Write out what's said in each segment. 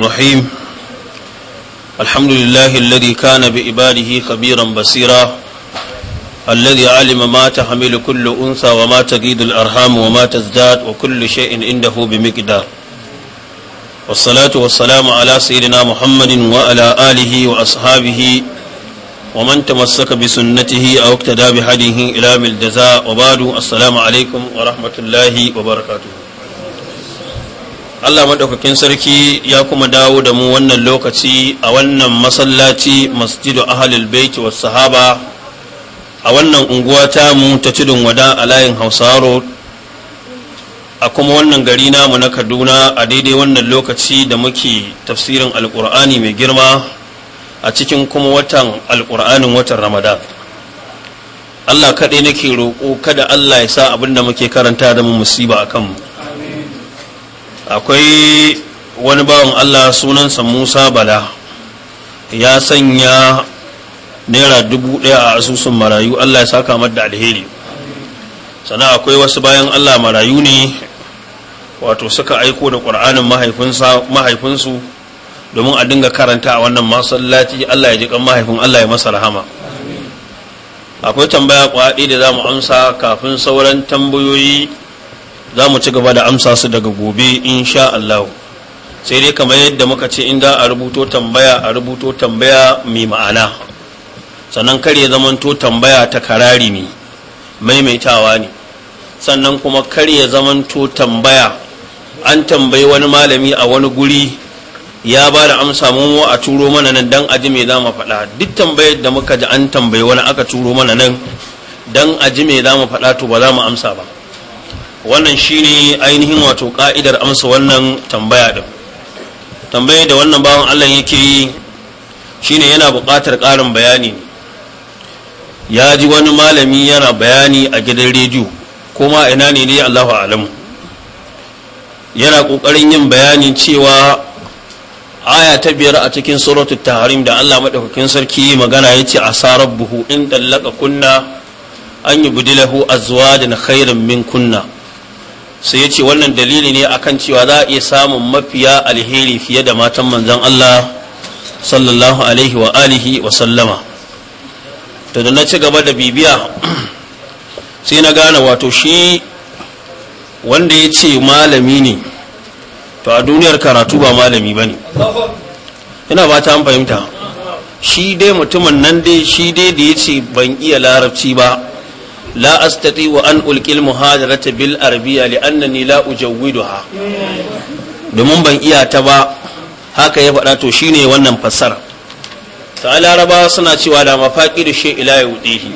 الرحيم الحمد لله الذي كان بإباده خبيرا بصيرا الذي علم ما تحمل كل أنثى وما تجيد الأرحام وما تزداد وكل شيء عنده بمقدار والصلاة والسلام على سيدنا محمد وعلى آله وأصحابه ومن تمسك بسنته أو اقتدى بهديه إلى ملجزاء وبعد السلام عليكم ورحمة الله وبركاته Allah maɗaukakin sarki ya kuma dawo da mu wannan lokaci a wannan masallaci masjidu ahalul baiti was sahaba a wannan unguwa ta mu ta tudun wada a layin hausaro a kuma wannan gari namu na kaduna a daidai wannan lokaci da muke tafsirin alkur'ani mai girma a cikin kuma watan alkur'anin watan ramadan Allah kaɗai nake roƙo kada Allah ya sa abin da muke karanta da mu musiba a kanmu akwai wani bawan allah sunansa musa bala ya sanya naira dubu daya a asusun marayu allah ya saka da alheri sana akwai wasu bayan allah marayu ne wato suka aiko da ƙur'anin mahaifinsu domin a dinga karanta a wannan masallaci allah ya ji kan mahaifin allah ya masa rahama akwai tambaya kwaɗi da za mu amsa kafin sauran tambayoyi za mu ci gaba da amsa su daga gobe insha Allah sai dai kamar yadda muka ce in za a rubuto tambaya a rubuto tambaya mai ma'ana sannan kar ya zamanto tambaya ta karari ne maimaitawa ne sannan kuma kar ya zamanto tambaya an tambayi wani malami a wani guri ya ba da amsa mu a turo mana nan dan aji me za mu faɗa duk tambayar da muka ji an tambayi wani aka turo mana nan dan aji me za mu faɗa to ba za mu amsa ba wannan shine ainihin wato ka'idar amsa wannan tambaya din tambaye da wannan bawan Allah yake yi shine yana buƙatar ƙarin bayani ya ji wani malami yana bayani a gidan rediyo kuma ina ne ne Allahu alamu yana ƙoƙarin yin bayani cewa aya ta biyar a cikin suratul tahrim da Allah madaukakin sarki magana yace asarabbuhu in dallaka kunna an da na khairan min kunna sai ya ce wannan dalili ne akan cewa za a iya samun mafiya alheri fiye da matan manzan Allah sallallahu alaihi wa alihi wa sallama to da na ci gaba da bibiya sai na gane wato shi wanda ya ce malami ne to a duniyar karatu ba malami ba ne ina ba ta fahimta shi dai mutumin nan dai shi dai da ya ce ban iya larabci ba لا أستطيع أن ألقي المهاجرة بالعربية لأنني ujawudu ha. domin ban iya ta ba haka ya faɗa to shine wannan fasar. ta larabawa suna cewa da mafaƙi da shi ila yudihi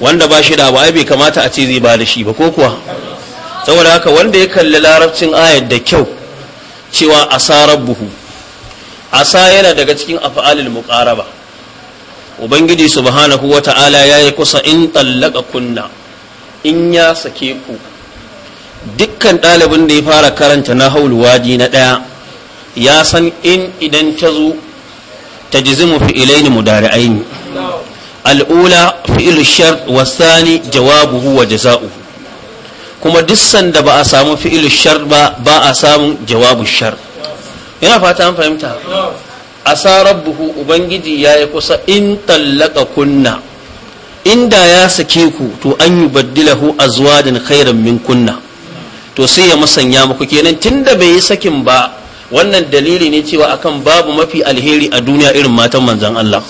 wanda ba shi da ba bai kamata a ce zai ba da shi ba ko kuwa saboda haka wanda ya kalli larabcin ayar da kyau cewa asarar buhu asa yana daga cikin afa'alil muƙaraba. ubangiji subhanahu wata'ala ya yi kusa in tallaka kunna in ya sake ku dukkan ɗalibin da ya fara karanta na hauluwaji na ɗaya ya san in idan ta zo ta ji zimu dari aini al'ula fi'ilu shar wasani jawabu wa jaza'uhu kuma duk sanda ba a samu fi'ilu shar ba ba a samun jawabu shar yana fata an fahimta asa rabbuhu ubangiji ya yi kusa in tallaka kunna inda ya sake ku to an yi baddilahu azwadin khairan min kunna to sai ya masanya muku kenan tunda bai yi sakin ba wannan dalili ne cewa akan babu mafi alheri a duniya irin matan manzan Allah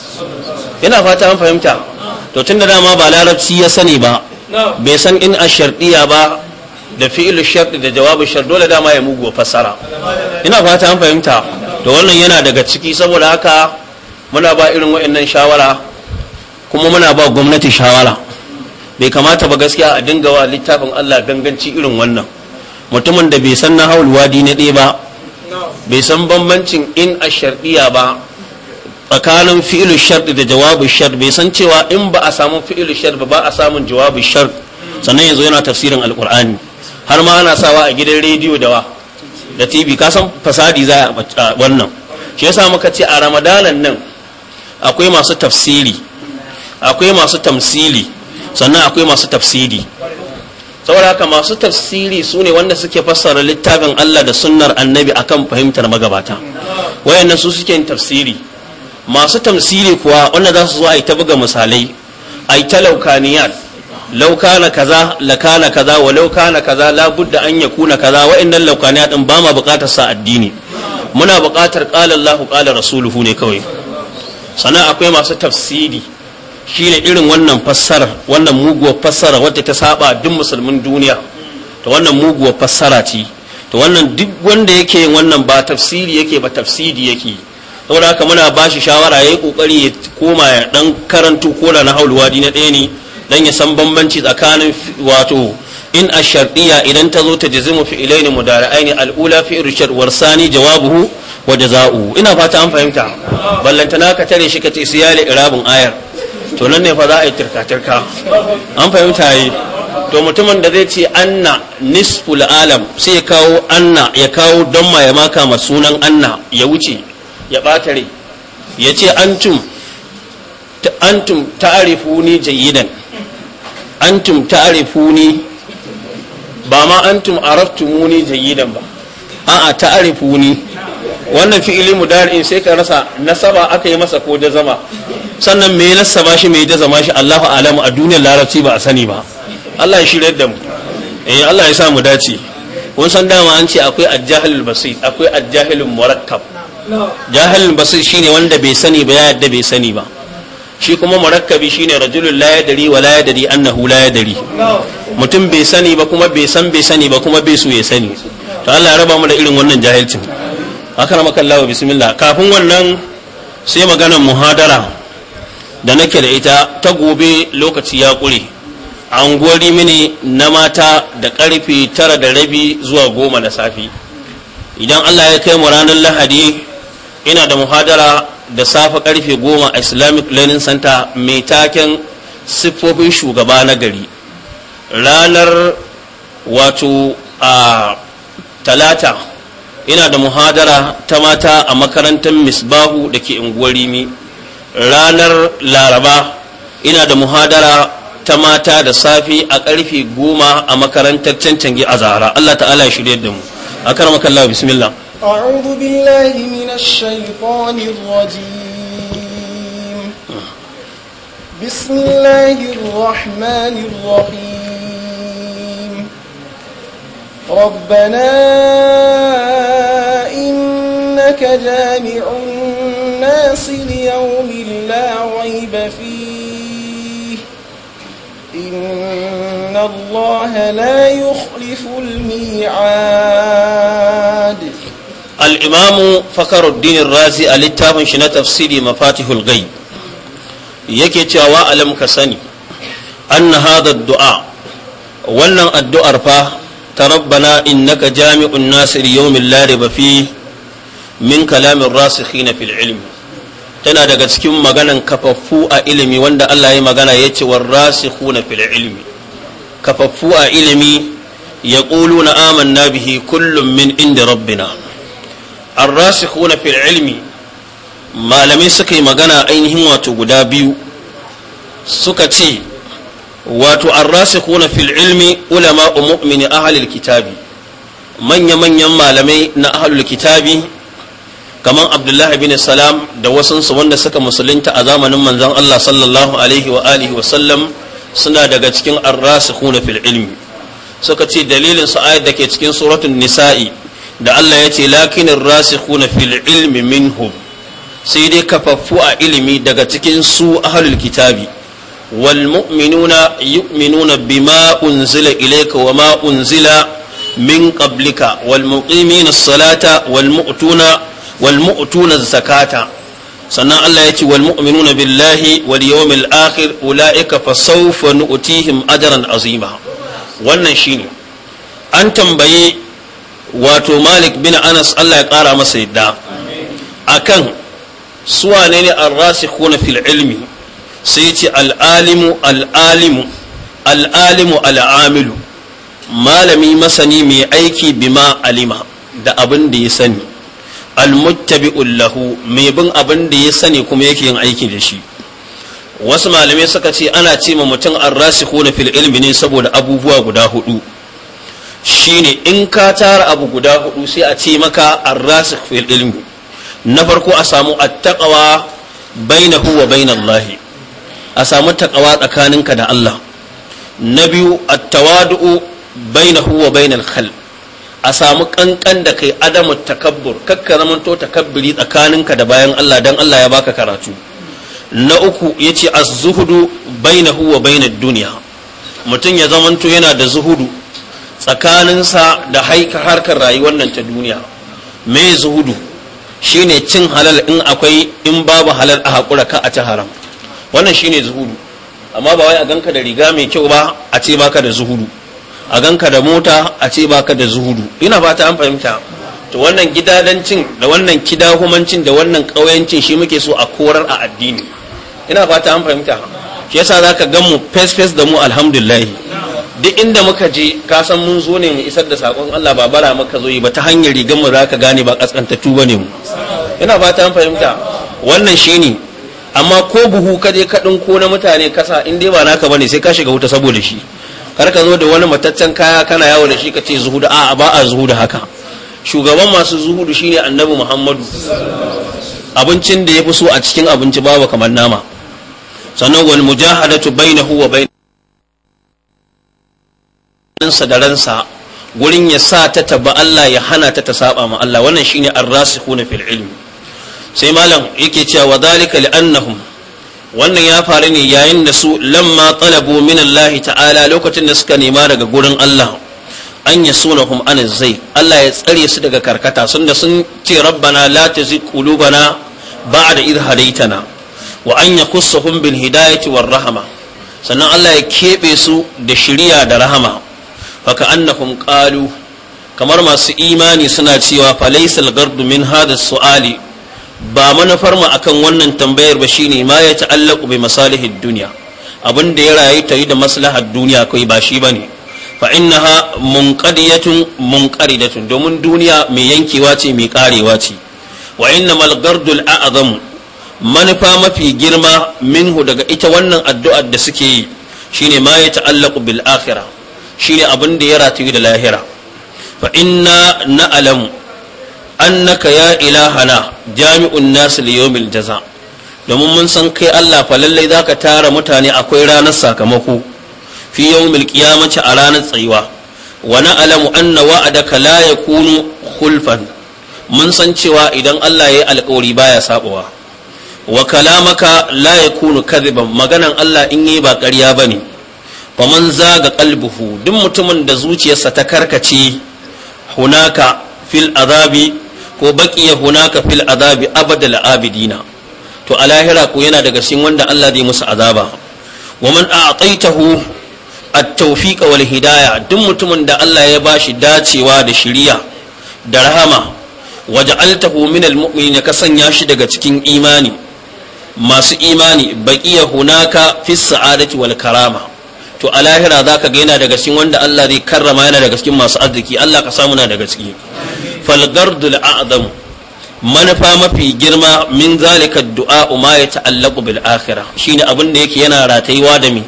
Ina fata an fahimta to tunda dama ba larabci ya sani ba bai san in a shardiya ba da fi'il shart da jawabu shart dole dama ya mugu fassara ina fata an fahimta da wannan yana daga ciki saboda haka muna ba irin waannan shawara kuma muna ba gwamnati shawara bai kamata ba gaskiya a dinga wa littafin Allah ganganci irin wannan mutumin da bai san na wadi na ɗaya ba bai san bambancin in a ba tsakanin fi'ilu shart da jawabu shart bai san cewa in ba a samu fi'ilu shart ba ba a samun jawabu shart sannan yanzu yana tafsirin alkur'ani har ma ana sawa a gidan rediyo da wa da tv ka san fasadi za a wannan shi yasa muka ce a ramadanan nan akwai masu tafsiri akwai masu tamsili sannan akwai masu tafsiri saboda haka masu tafsiri su ne wanda suke fassara littafin Allah da sunnar annabi akan fahimtar magabata wayannan su suke tafsiri masu tamsili kuwa wanda za su zo a yi ta buga misalai a yi talaukaniyar law kana kaza la kana kaza wa law kana kaza la budda an yakuna kaza wa'annan laukaniya din ba ma buƙatar sa addini muna buƙatar qala Allahu qala rasuluhu ne kawai sannan akwai masu tafsiri shine irin wannan fassarar wannan muguwar fassara wadda ta saba duk musulmin duniya to wannan muguwar fassara ce to wannan duk wanda yake yin wannan ba tafsiri yake ba tafsiri yake saboda haka muna bashi shawara ya yi kokari ya koma ya dan karanto kola na haulwadi na ɗaya ne dan ya san bambanci tsakanin wato in a ashardiya idan ta zo ta mu fi'ilaini mudari'aini al'ula fi irshad warsani jawabuhu wa jaza'u ina fata an fahimta ballantana ka tare shi ka ce siyali irabun ayar to nan ne fa za a yi tirka tirka an fahimta yi to mutumin da zai ce anna nisful alam sai ya kawo anna ya kawo damma ya maka ma sunan anna ya wuce ya batare ya ce antum antum ta'rifuni jayyidan antum ta'rifuni ba ma antum araftumuni jayidan ba a'a ta'rifuni wannan fi'ili mudari'in sai ka rasa nasaba aka yi masa ko da zama. sannan me nasaba shi me jazama shi Allahu alamu a duniyar larabci ba a sani ba Allah ya shirye da mu eh Allah ya sa mu dace kun san dama an ce akwai ajahilul basit akwai ajahilul murakkab jahilul basit shine wanda bai sani ba ya yadda bai sani ba shi kuma murakkabi shine rajulun la yadri wa la yadri annahu la yadri mutum bai sani ba kuma bai san bai sani ba kuma bai so ya sani to Allah ya raba mu da irin wannan jahilcin akramaka Allah bismillah kafin wannan sai maganar muhadara da nake da ita ta gobe lokaci ya kure an gori mini na mata da karfe tara da rabi zuwa goma na safi idan Allah ya kai mu ranar lahadi ina da muhadara da safe karfe goma a islamic learning center mai taken siffofin shugaba na gari ranar wato a talata ina da muhadara ta mata a makarantar misbahu da ke unguwar rimi ranar laraba ina da muhadara ta mata da safe a karfe goma a makarantar cancanci a zahara allah ta'ala ya shirya da mu a karamakan bismillah أعوذ بالله من الشيطان الرجيم بسم الله الرحمن الرحيم ربنا إنك جامع الناس ليوم لا ريب فيه إن الله لا يخلف الميعاد al'imamu fakaruddin razi a littafin shi na tafsiri mafatihul gai yake cewa alam ka sani an hada du'a wannan addu'ar fa ta rabbana innaka jami'un nasir yawmin lariba fi min kalamin rasikhina fil ilmi tana daga cikin maganan kafaffu a ilimi wanda Allah ya magana ya ce war na fil ilmi kafaffu a ilimi ya yaquluna amanna bihi kullum min inda rabbina الراسخون في العلم malamai suka yi magana ainihin wato guda biyu suka ce wato arrasikuna fil ilmi ulama mu'mini ahalil kitabi manya-manyan malamai na ahalul kitabi kamar abdullahi bin salam da wasansu wanda suka musulunta a zamanin manzon Allah sallallahu alaihi wa alihi wa sallam suna daga cikin arrasikuna fil ilmi suka ce dalilin su da ke cikin suratun nisa'i da Allah ya ce lakinin rasikhuna fil ilmi minhum sai dai kafaffu a ilimi daga cikin su ahlul kitabi wal mu'minuna yu'minuna bima unzila ilayka wa ma unzila min qablika wal muqimina salata wal mu'tuna wal mu'tuna zakata sannan Allah ya ce wal mu'minuna billahi wal yawmil akhir ulaika fa sawfa nu'tihim ajran azima wannan shine an tambaye wato malik bin anas allah ya kara masa yadda akan suwa ne ne na fil ilmi sai ce al'alimu al'alimu al'alimu al'amilu malami masani mai aiki bima alima da abin da ya sani al-muttabi lahu mai bin abin da ya sani kuma yake yin aiki da shi wasu malamai suka ce ana ce ma mutum na fil ilmi ne saboda abubuwa guda hudu shine in ka tara abu guda hudu sai a ce maka arrasikh fil ilmi na farko a samu attaqwa bainahu wa bainallahi a samu takawa tsakaninka da Allah na biyu attawadu bainahu wa bainal khalq a samu kankan da kai adamu takabbur kakka zamanto takabburi tsakaninka da bayan Allah dan Allah ya baka karatu na uku yace az-zuhudu bainahu wa bainad dunya mutum ya zamanto yana da zuhudu tsakaninsa da harkar rayuwar nan ta duniya mai zuhudu shine cin halal in akwai in babu halal a haƙura ka a ta haram wannan shine zuhudu amma ba wai a ganka da riga mai kyau ba a ce baka da zuhudu a ganka da mota a ce baka da zuhudu ina fata an fahimta to wannan gidadancin da wannan kidahumancin da wannan ƙauyancin shi muke so a korar a addini ina fata an fahimta shi yasa zaka gan mu fes fes da mu alhamdulillah duk inda muka je ka san mun zo ne mu isar da sakon Allah ba bara maka zo yi ba ta hanyar rigar mu zaka gane ba kaskantattu bane mu ina ba ta fahimta wannan shine amma ko buhu ka je ka ko na mutane kasa in dai ba naka bane sai ka shiga wuta saboda shi kar ka zo da wani mataccen kaya kana yawo da shi ka ce zuhudu a'a ba a zuhudu haka shugaban masu zuhudu shine annabi Muhammadu abincin da ya fi so a cikin abinci babu kamar nama sannan wal mujahadatu bainahu wa bain hannunsa da ransa gurin ya sa ta taba Allah ya hana ta ta saba ma Allah wannan shine ar-rasikhuna fil ilmi sai malam yake cewa wa dhalika li'annahum wannan ya faru ne yayin da su lamma talabu min Allah ta'ala lokacin da suka nema daga gurin Allah an ya sunahum an zai Allah ya tsare su daga karkata sun da sun ce rabbana la tuzigh qulubana ba'da idh hadaytana wa an yakussahum bil hidayati war rahma sannan Allah ya kebe su da shiriya da rahama faka annahum qalu kamar masu imani suna cewa falaisal gardu min hada su'ali ba manufar mu akan wannan tambayar ba shine ma ya ta'allaqu bi masalihid dunya abin da ya rayu ta yi da maslahar duniya kai ba shi bane fa innaha munqadiyatun munqaridatun domin duniya mai yankewa ce mai karewa ce wa innamal gardul a'zamu manufa mafi girma minhu daga ita wannan addu'ar da suke yi shine ma ya ta'allaqu bil akhirah shine abin da ya ratayu da lahira fa inna na'lamu annaka ya ilahana jami'un nas li yawmil jaza domin mun san kai Allah fa lallai zaka tara mutane akwai ranar sakamako fi yawmil qiyamati a ranar tsayuwa wa na'lamu anna wa'adaka la yakunu khulfan mun san cewa idan Allah ya yi alƙawari baya sabawa wa kalamaka la yakunu kadhiban maganan Allah in yi ba ƙarya bane wa man zaga qalbuhu duk mutumin da zuciyarsa ta karkace hunaka fil azabi ko baqiya hunaka fil azabi abadal abidina to a lahira ko yana daga cikin wanda Allah zai musu azaba wa man a'taitahu at-tawfiq wal hidaya duk mutumin da Allah ya bashi dacewa da shiriya da rahama waja'altahu min al-mu'minin ka sanya shi daga cikin imani masu imani baqiya hunaka fis sa'adati wal karama to a lahira za ka ga yana daga cikin wanda Allah zai karrama yana daga cikin masu arziki Allah ka samu na daga ciki falgardul a'zam manufa mafi girma min zalika du'a ma ya ta'allaqu bil akhirah shine abin da yake yana ratayuwa da mi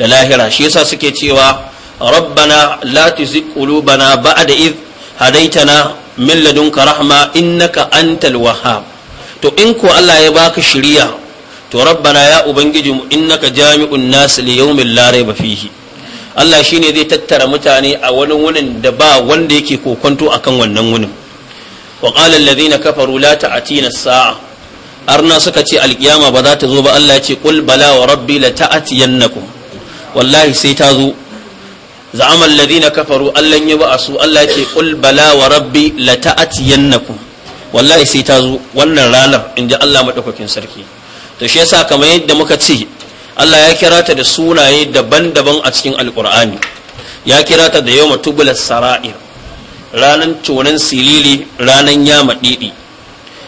da lahira shi yasa suke cewa rabbana la tuzigh qulubana ba'da id hadaitana min ladunka rahma innaka antal wahhab to in ko Allah ya baka shiriya to rabbana ya ubangiji mu innaka jami'un nas li yawmin la rayba fihi Allah shine zai tattara mutane a wani wunin da ba wanda yake kokonto akan wannan wunin wa qala alladhina kafaru la ta'tina as-sa'a arna suka ce alkiyama ba za ta zo ba Allah ya ce qul bala wa rabbi la ta'tiyannakum wallahi sai ta zo za'ama alladhina kafaru allan yab'asu Allah ya ce qul bala wa rabbi la ta'tiyannakum wallahi sai ta zo wannan ranar inji Allah madaukakin sarki to shi yasa kamar yadda muka ce Allah ya kira ta da sunaye daban-daban a cikin alkur'ani ya kira ta da yawma tubulas sara'ir ranan tonan silili ranan yama didi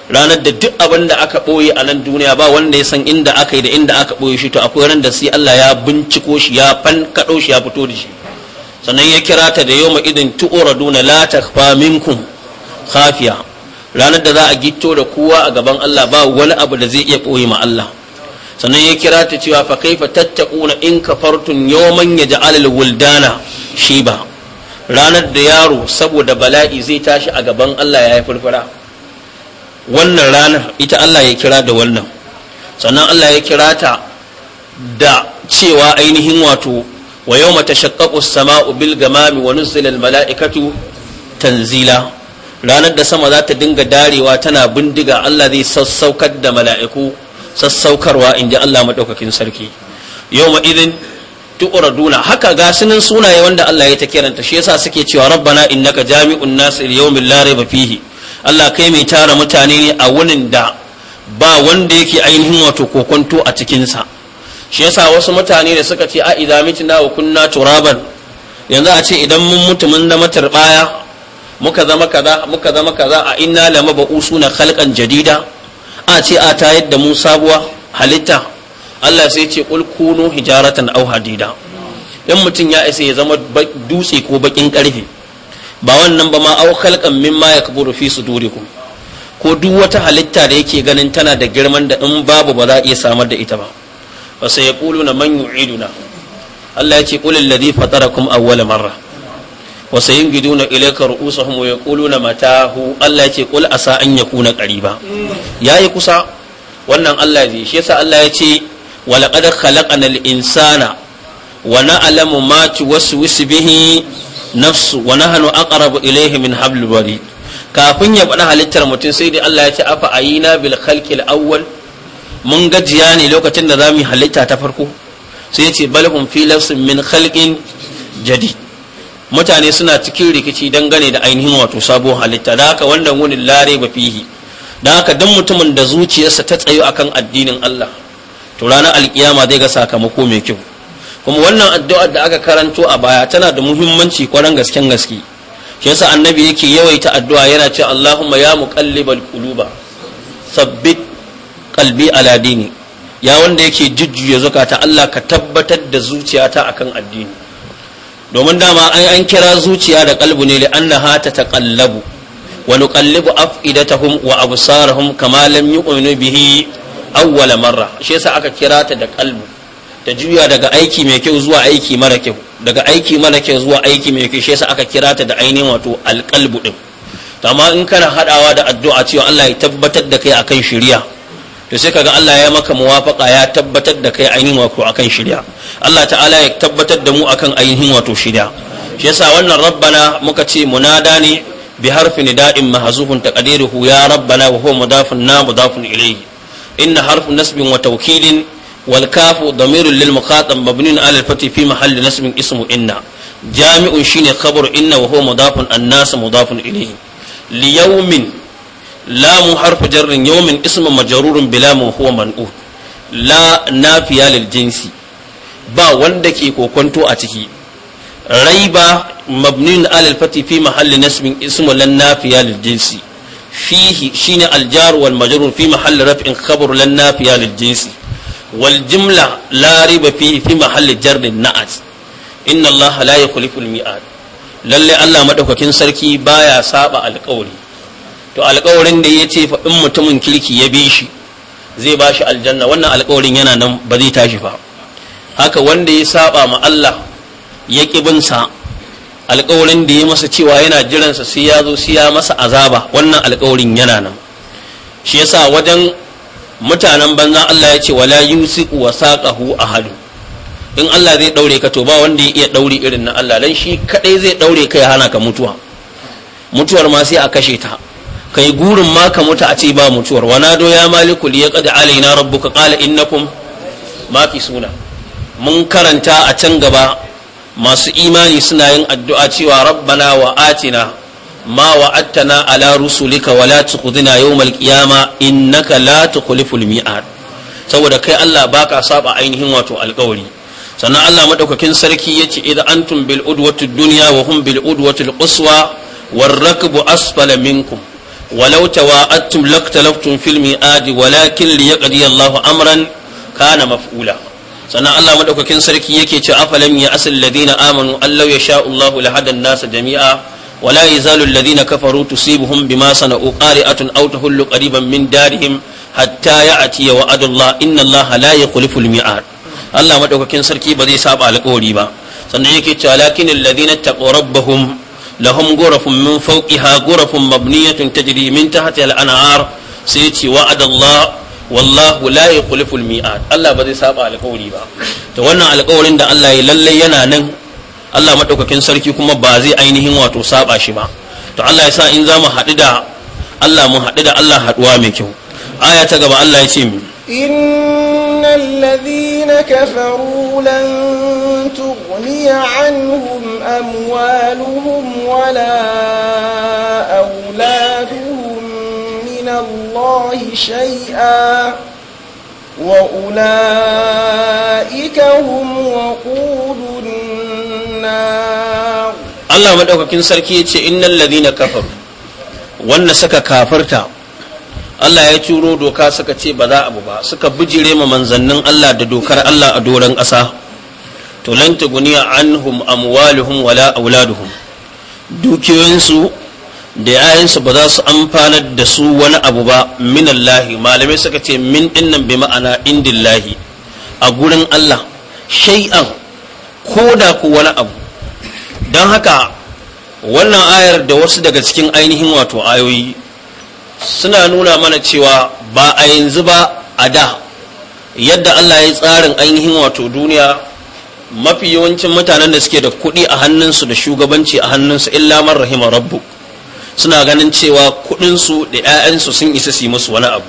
ranar da duk abin da aka ɓoye a nan duniya ba wanda ya san inda aka yi da inda aka ɓoye shi to akwai ran da sai Allah ya binciko shi ya fankaɗo shi ya fito da shi sannan ya kira ta da yawma idin na la takfa minkum khafiya ranar da za a gitto da kowa a gaban Allah ba wani abu da zai iya ɓoye ma Allah sannan ya kira ta cewa fa kaifa tattaquna in kafartum yawman yaj'al al-wuldana shiba ranar da yaro saboda bala'i zai tashi a gaban Allah ya yi furfura wannan ranar ita Allah ya kira da wannan sannan Allah ya kira ta da cewa ainihin wato wa yawma tashaqqaqu as-sama'u bil gamami wa nuzila al-mala'ikatu tanzila ranar da sama za ta dinga darewa tana bindiga Allah zai sassaukar da mala'iku sassaukarwa in ji Allah maɗaukakin sarki yau idan duna haka ga sunaye wanda Allah ya ta kiranta shi yasa suke cewa rabbana innaka jami'un nas il yawmin la rayba fihi Allah kai mai tara mutane ne a wunin da ba wanda yake ainihin wato kokonto a cikin sa shi yasa wasu mutane da suka ce a idza wa kunna turaban yanzu a ce idan mun mutu mun zama turbaya muka zama kaza muka zama kaza a inna lama ba'usuna khalqan jadida a ce a ta yadda mu sabuwa halitta Allah sai ce qul kunu hijaratan aw hadida dan mutum ya isa ya zama dutse ko bakin karfe ba wannan ba ma aw khalqan mimma yakburu fi sudurikum ko duk wata halitta da yake ganin tana da girman da in babu ba za a iya samar da ita ba fa na man yu'iduna Allah ya ce qul alladhi fatarakum awwala marra wa sayingiduna ilayka ru'usahum wa yaquluna matahu Allah yace qul asa an ƙariba. Ya yayi kusa wannan Allah zai shi yasa Allah yace wa laqad khalaqana al-insana wa na'lamu ma tuwaswisu bihi nafsu wa nahnu aqrabu ilayhi min hablil warid kafin ya faɗa halittar mutum sai dai Allah ya ce afa ayina bil khalqil awwal mun gajiya ne lokacin da zamu halitta ta farko sai ya ce bal fi lafsin min khalqin jadid mutane suna cikin rikici gane da ainihin wato sabuwar halitta da haka wanda wani lare ba fihi don haka don mutumin da zuciyarsa ta tsayo akan addinin Allah to ranar alkiyama zai ga sakamako mai kyau kuma wannan addu'ar da aka karanto a baya tana da muhimmanci kwaran gasken gaske shi yasa annabi yake yawaita addu'a yana ce Allahumma ya muqallibal quluba sabbit kalbi ala dini ya wanda yake jujjuya zukata Allah ka tabbatar da zuciyata akan addini domin dama an kira zuciya da kalbu ne li'annaha ta taqallabu wa nuqallibu afidatahum wa absarahum kama lam yu'minu bihi awwal marra shi yasa aka kira ta da kalbu ta juya daga aiki mai kyau zuwa aiki mara kyau daga aiki mara kyau zuwa aiki mai kyau shi yasa aka kira ta da ainihin wato alqalbu din amma in kana hadawa da addu'a cewa Allah ya tabbatar da kai akan shari'a to sai kaga Allah ya maka muwafaqa ya tabbatar da kai ainihin wato akan shirya Allah ta'ala ya tabbatar da mu akan ainihin wato shirya shi yasa wannan rabbana muka ce munada ne bi harfi nida'in mahzufun taqdiruhu ya rabbana wa huwa mudafun na mudafun ilayhi inna harfu nasbin wa tawkilin wal kafu damirun lil muqaddam mabniun ala al fati fi mahalli nasbin ismu inna jami'un shine khabar inna wa huwa mudafun an-nas mudafun ilayhi li lamu harfu jarrin yawmin ismu majrurun bila man huwa man'u la nafiya lil jinsi ba wanda ke kokonto a ciki raiba mabnin alal fati fi mahalli nasbin ismu lan nafiya lil jinsi fihi shine al jar wal majrur fi mahalli raf'in khabar lan nafiya lil jinsi wal jumla fi fi mahalli jarrin na'at inna allaha la yukhlifu Allah maɗaukakin sarki baya saba alƙawari to alkawarin da ya ce fa in mutumin kirki ya bi shi zai ba shi aljanna wannan alkawarin yana nan ba zai tashi fa haka wanda ya saba ma Allah ya kibinsa alkawarin da ya masa cewa yana jiransa sai ya zo sai ya masa azaba wannan alkawarin yana nan shi yasa wajen mutanen banza Allah ya ce wala yusiku wa saqahu ahadu in Allah zai daure ka to ba wanda ya iya daure irin na Allah dan shi kadai zai daure kai hana ka mutuwa mutuwar ma sai a kashe ta kai gurin ma ka mutu a ce ba mutuwar wa nado ya maliku li yaqdi alaina rabbuka qala innakum suna. mun karanta a can gaba masu imani suna yin addu'a cewa rabbana wa atina ma wa'attana ala rusulika wa la tuqdina yawmal qiyama innaka la tukhliful mi'ad saboda kai Allah baka saba ainihin wato alƙawari sannan Allah madaukakin sarki yace idan antum bil udwatid dunya wa hum bil udwatil quswa war rakbu asfala ولو تواعدتم لاختلفتم في الميعاد ولكن ليقضي الله امرا كان مفعولا sannan Allah madaukakin sarki yake ce afalam ya asin ladina amanu allau ya sha Allahu la nasa jami'a wala yazalu alladhina kafaru buhun bima sana'u atun auta tahullu qariban min darihim hatta ya'ti wa'adu Allah inna Allah la yukhlifu al-mi'ad Allah maɗaukakin sarki ba zai saba alƙawari ba sannan yake ce lakin alladhina taqaw rabbahum lahum ghurafun min fawqiha ghurafun mabniyatun tajri min tahtiha al-anhar sai ce wa'ada Allah wallahu la yukhlifu al-mi'ad Allah ba zai saba alƙawari ba to wannan alƙawarin da Allah ya lalle yana nan Allah madaukakin sarki kuma ba zai ainihin wato saba shi ba to Allah ya sa in za mu haɗu da Allah mu haɗu da Allah haɗuwa mai kyau aya ta gaba Allah ya ce min الذين كفروا لن تغني عنهم أموالهم ولا أولادهم من الله شيئا وأولئك هم وقود النار الله مدعوك كن سركي إن الذين كفروا وأن سك كافرتا Allah ya turo doka suka ce ba za abu ba suka bijire ma manzannin Allah da dokar Allah a doron ƙasa to lan tuguniya anhum amwaluhum wala auladuhum dukiyoyinsu da yayansu ba za su amfanar da su wani abu ba min malamai suka ce min dinnan bi ma'ana indillahi a gurin Allah shay'an ko da ku wani abu don haka wannan ayar da wasu daga cikin ainihin wato ayoyi suna nuna mana cewa ba a yanzu ba a da yadda Allah ya yi tsarin ainihin wato duniya mafi yawancin mutanen da suke da kuɗi a hannunsu da shugabanci a hannunsu illa man rahima rabbu suna ganin cewa kuɗinsu da 'ya'yansu sun isa su yi musu wani abu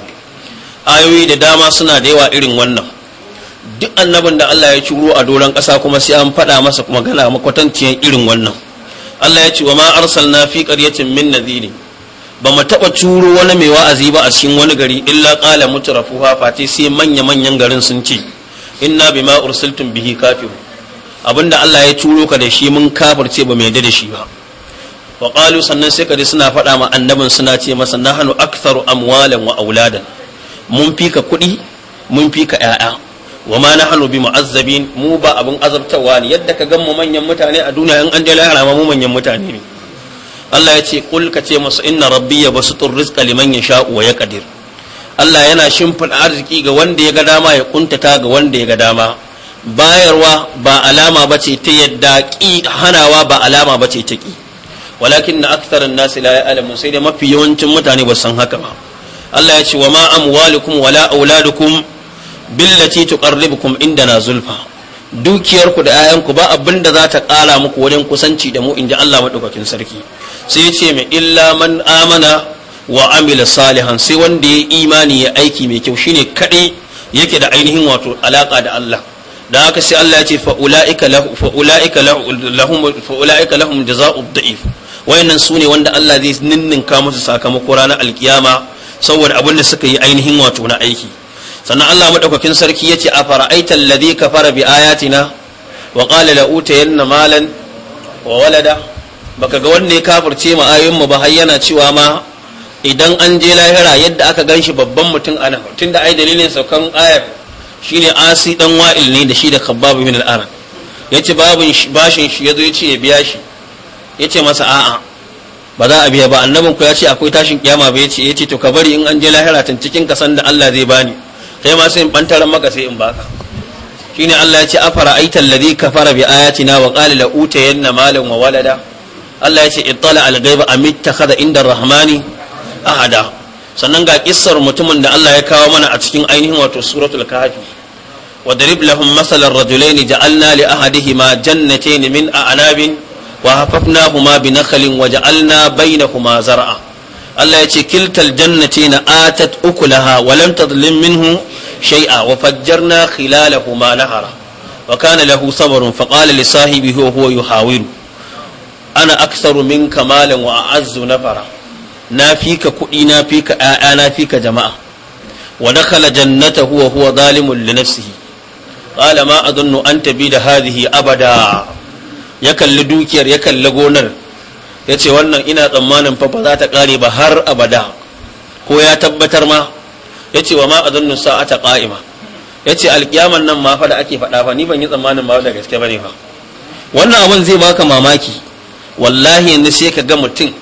ayoyi da dama suna da yawa irin wannan duk annabin da Allah ya ciro a doron ƙasa kuma sai an faɗa masa kuma magana makwatanciyar irin wannan Allah ya ce wa ma arsalna fi qaryatin min nadhiri ba mu taɓa turo wani mai wa'azi ba a cikin wani gari illa ƙala mutarafuha fati sai manya-manyan garin sun ce inna bima ursiltum bihi kafiru abinda Allah ya turo ka da shi mun kafirce ba mai yadda da shi ba wa ƙalu sannan sai ka suna faɗa ma annabin suna ce masa nahanu aktharu amwalan wa auladan mun fi ka kuɗi mun fi ka ƴaƴa wa ma nahnu bi mu'azzabin mu ba abin azabtawa ne yadda ka gan mu manyan mutane a duniya in an yara ma mu manyan mutane ne Allah ya ce kul ka ce musu inna rabbi ya basutur rizqa liman sha'u wa yaqdir Allah yana shimfida arziki ga wanda ya ga dama ya kuntata ga wanda ya ga dama bayarwa ba alama ce ta yadda ki hanawa ba alama ce ta ƙi walakin na aktharan nasi la sai da mafi yawancin mutane ba san haka ba Allah ya ce wa ma amwalukum wala auladukum billati tuqarribukum indana zulfa dukiyarku da 'ya'yanku ba abin da za ta ƙara muku wajen kusanci da mu in ji Allah maɗaukakin sarki sai ya ce mai illa man amana wa amila salihan sai wanda ya imani ya aiki mai kyau shine kaɗai yake da ainihin wato alaka da Allah da haka sai Allah ya ce fa'ula'ika lahum fa'ula'ika lahum jazaa'ud da'if wayannan sune wanda Allah zai ninninka musu sakamako ranar alkiyama saboda abin da suka yi ainihin wato na aiki sannan Allah madaukakin sarki yace a fara'aita alladhi kafara bi ayatina wa qala la utayanna malan wa walada baka ga wanda ya kafirce mu ayoyin mu ba har yana cewa ma idan an je lahira yadda aka ganshi babban mutum ana tunda ai dalilin saukan ayar shine asi dan wa'il ne da shi da khabbab ibn al-aran yace babin bashin shi yazo yace ya biya shi yace masa a'a ba za a biya ba annabin ku ya ce akwai tashin kiyama ba yace yace to ka bari in an je lahira tun cikin kasan da Allah zai bani kai ma sai in bantaran maka sai in baka shine Allah ya ce afara aital ladhi kafara bi ayatina wa qala la utayanna malan wa walada Allah ya ce ittala al-ghaiba am ittakhadha inda rahmani ahada sannan ga kissar mutumin da Allah ya kawo mana a cikin ainihin wato suratul kahfi wadrib lahum masalan rajulain ja'alna li ahadihima jannatayn min a'nabin wa hafafnahuma bi nakhlin wa ja'alna bainahuma zar'a Allah ya ce kiltal jannatayn atat ukulaha wa lam tadlim minhu shay'a wa fajjarna khilalahuma nahara wa kana lahu sabrun faqala li sahibihi wa huwa yuhawiru ana aksaru min kamalan wa azzu nafara na fi ka kuɗi na fi ka ƴaƴa na fi ka jama'a wa dakhala jannatahu huwa huwa zalimun li nafsihi qala ma adunnu an da hadhihi abada ya kalli dukiyar ya kalli gonar yace wannan ina tsammanin fa ba za ta kare ba har abada ko ya tabbatar ma yace wa ma adunnu sa'ata qa'ima yace alkiyaman nan ma fa da ake faɗa fa ni ban yi tsammanin ba da gaske bane fa wannan abun zai baka mamaki wallahi yanzu sai ka ga mutum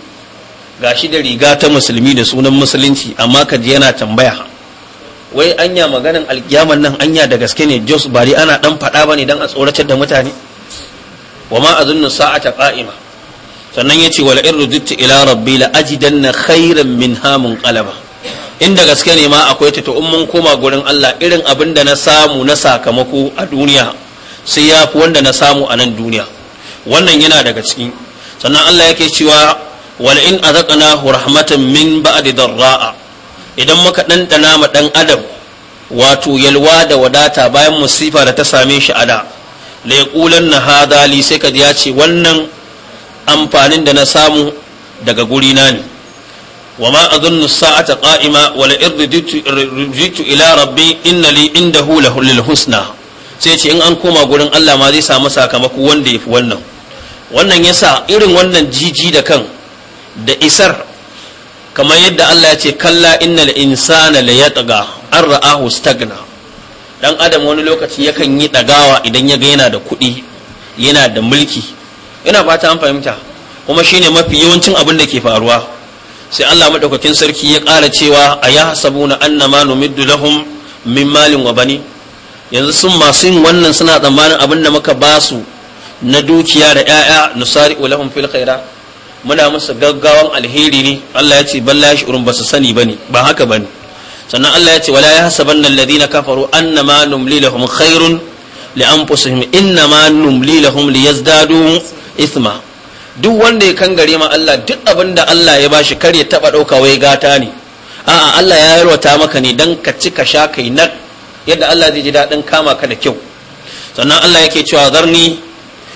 gashi da riga ta musulmi da sunan musulunci amma ka ji yana tambaya wai anya maganin alkiyaman nan anya da gaske ne jos Ba bari ana dan faɗa bane dan a tsoratar da mutane wa ma azunnu sa'ata qa'ima sannan yace wala in rujitu ila rabbi la ajidanna min minha munqalaba in da gaske ne ma akwai ta to in mun koma gurin Allah irin abin da na samu na sakamako a duniya sai ya fi wanda na samu a nan duniya wannan yana daga cikin sannan Allah yake cewa wal in azaqnahu rahmatan min ba'di darra'a idan muka ɗanɗana ma ɗan adam wato yalwa da wadata bayan musifa da ta same shi a da la yaqulanna hadha li sai ka ya ce wannan amfanin da na samu daga gurina ne wa ma adunnu sa'ata qa'ima wa la irjitu ila rabbi inna li indahu lahul husna sai ce in an koma gurin Allah ma zai samu sakamako wanda yafi wannan wannan ya sa irin wannan jiji da kan da isar kamar yadda Allah ya ce kalla innal insana la yataga an ra'ahu stagna dan adam wani lokaci yakan yi dagawa idan ya ga yana da kuɗi yana da mulki Ina fata an fahimta kuma shine mafi yawancin abin da ke faruwa sai Allah madaukakin sarki ya ƙara cewa a ya sabuna annama numiddu lahum min malin wa bani yanzu sun masu yin wannan suna tsammanin abin da muka basu na dukiya da 'ya'ya nusari ulahum fil khaira muna musu gaggawan alheri ne Allah ya ce balla ya shi'urun ba su sani ne ba haka bane sannan Allah ya ce wala ya hasabanna alladhina kafaru annama numli lahum khairun li anfusihim innama numli lahum liyazdadu ithma duk wanda ya kangare ma Allah duk abinda Allah ya bashi kar ya taba dauka wai gata ne a'a Allah ya yarwata maka ne dan ka ci ka sha kai nan yadda Allah zai ji dadin kama ka da kyau sannan Allah yake cewa zarni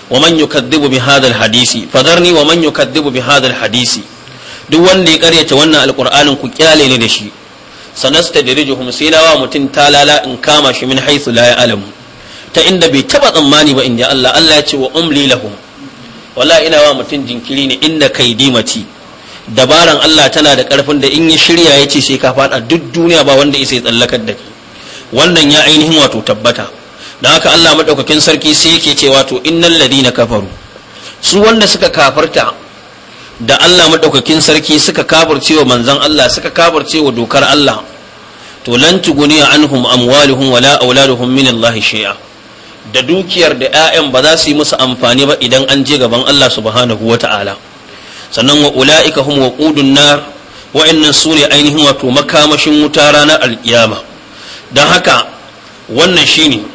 wa man yukadhibu bi hadha alhadisi fadarni wa man yukadhibu duk wanda ya karyata wannan alqur'anin ku kyale ne da shi sanastadrijuhum sai lawa mutun talala in kama shi min haythu la alamu ta inda bai taba tsammani ba inda Allah Allah ya ce wa umli lahum wallahi ina wa mutun jinkiri ne inda kaidimati dabaran Allah tana da karfin da in ya shirya ya ce sai ka fada duk duniya ba wanda ya sai tsallakar da wannan ya ainihin wato tabbata da haka Allah madaukakin sarki sai yake cewa to innal ladina kafaru su wanda suka kafarta da Allah madaukakin sarki suka kafircewa manzon Allah suka wa dokar Allah to lan tuguniya anhum amwaluhum wala auladuhum min Allah shay'a da dukiyar da 'ya'yan ba za su yi musu amfani ba idan an je gaban Allah subhanahu wata'ala sannan wa ula'ika hum waqudun nar wa'annan su ne ainihin wato makamashin wuta ranar alkiyama don haka wannan shine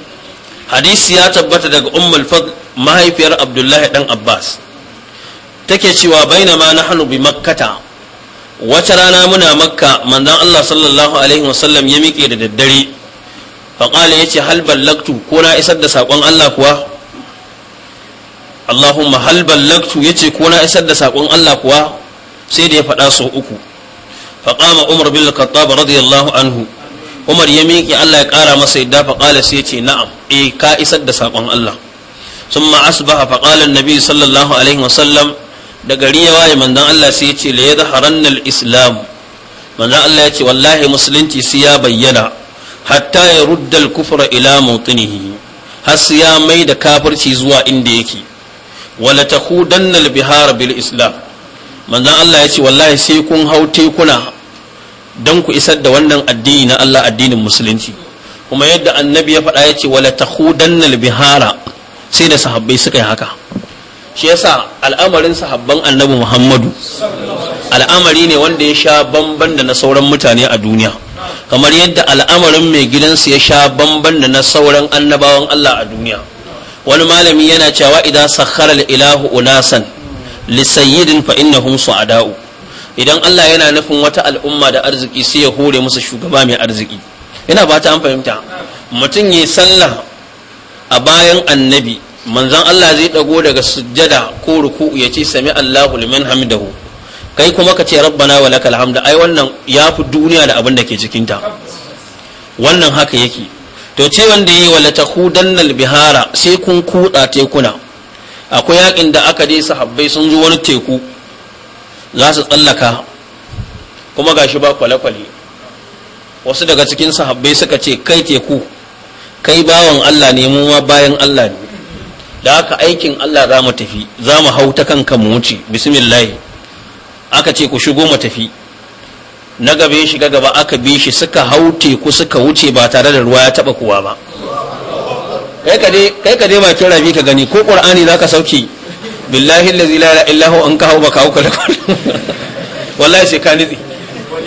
hadisi ya tabbata daga ummul fadl mahaifiyar abdullahi dan abbas take cewa ma nahnu bi makkata wata rana muna makka manzon Allah sallallahu alaihi wasallam ya miƙe da daddare faƙala ya ce hal ballaktu ko na isar da saƙon Allah kuwa Allahumma hal ballaktu ya ko na isar da saƙon Allah kuwa sai da ya faɗa sau uku faƙama umar bin khattab radiyallahu anhu umar ya miƙe allah ya ƙara masa yadda faƙala ya ce na'am eh ka isar da saƙon allah sun asbaha faƙalar nabi sallallahu alaihi wasallam da gari ya waye manzan allah sai ya ce la ya islam manzan allah ya ce wallahi musulunci sai ya bayyana hatta ya ruddal kufra ila mutunihi har sai ya mai da kafirci zuwa inda yake wala takudanna bihar bil islam manzan allah ya ce wallahi sai kun hau tekuna don ku isar da wannan addini na Allah addinin musulunci kuma yadda annabi ya faɗa ya ce wala takhudannal bihara sai da sahabbai suka yi haka shi yasa al'amarin sahabban annabi muhammadu al'amari ne wanda ya sha bamban da na sauran mutane a duniya kamar yadda al'amarin mai gidansu ya sha bamban da na sauran annabawan allah a duniya wani malami yana cewa idan sakhara ilahu unasan lisayyidin fa innahum su'ada'u idan Allah yana nufin wata al'umma da arziki sai ya hore musu shugaba mai arziki ina ba ta an fahimta mutum ya sallah a bayan annabi manzon Allah zai dago daga sujjada ko ruku'u ya ce sami Allahu liman hamdahu kai kuma ka ce rabbana wa lakal hamda ai wannan ya fi duniya da abin da ke cikin ta wannan haka yake to ce wanda yi wala takhudannal bihara sai kun kuda tekuna akwai yakin da aka je sahabbai sun zo wani teku za su tsallaka kuma gashi ba kwale-kwale wasu daga cikin sahabbai suka ce kai teku kai bawan Allah ne mu bayan Allah ne da haka aikin Allah za mu tafi za mu hau ta kanka mu wuce bismillah aka ce ku shigo mu tafi na gabe shiga gaba aka bi shi suka hau teku suka wuce ba tare da ruwa ya taba kuwa ba kai ka dai bakin bi ka gani ko za ka sauke billahi allazi la ilaha illa hu an kawo baka hauka wallahi sai ka nitsi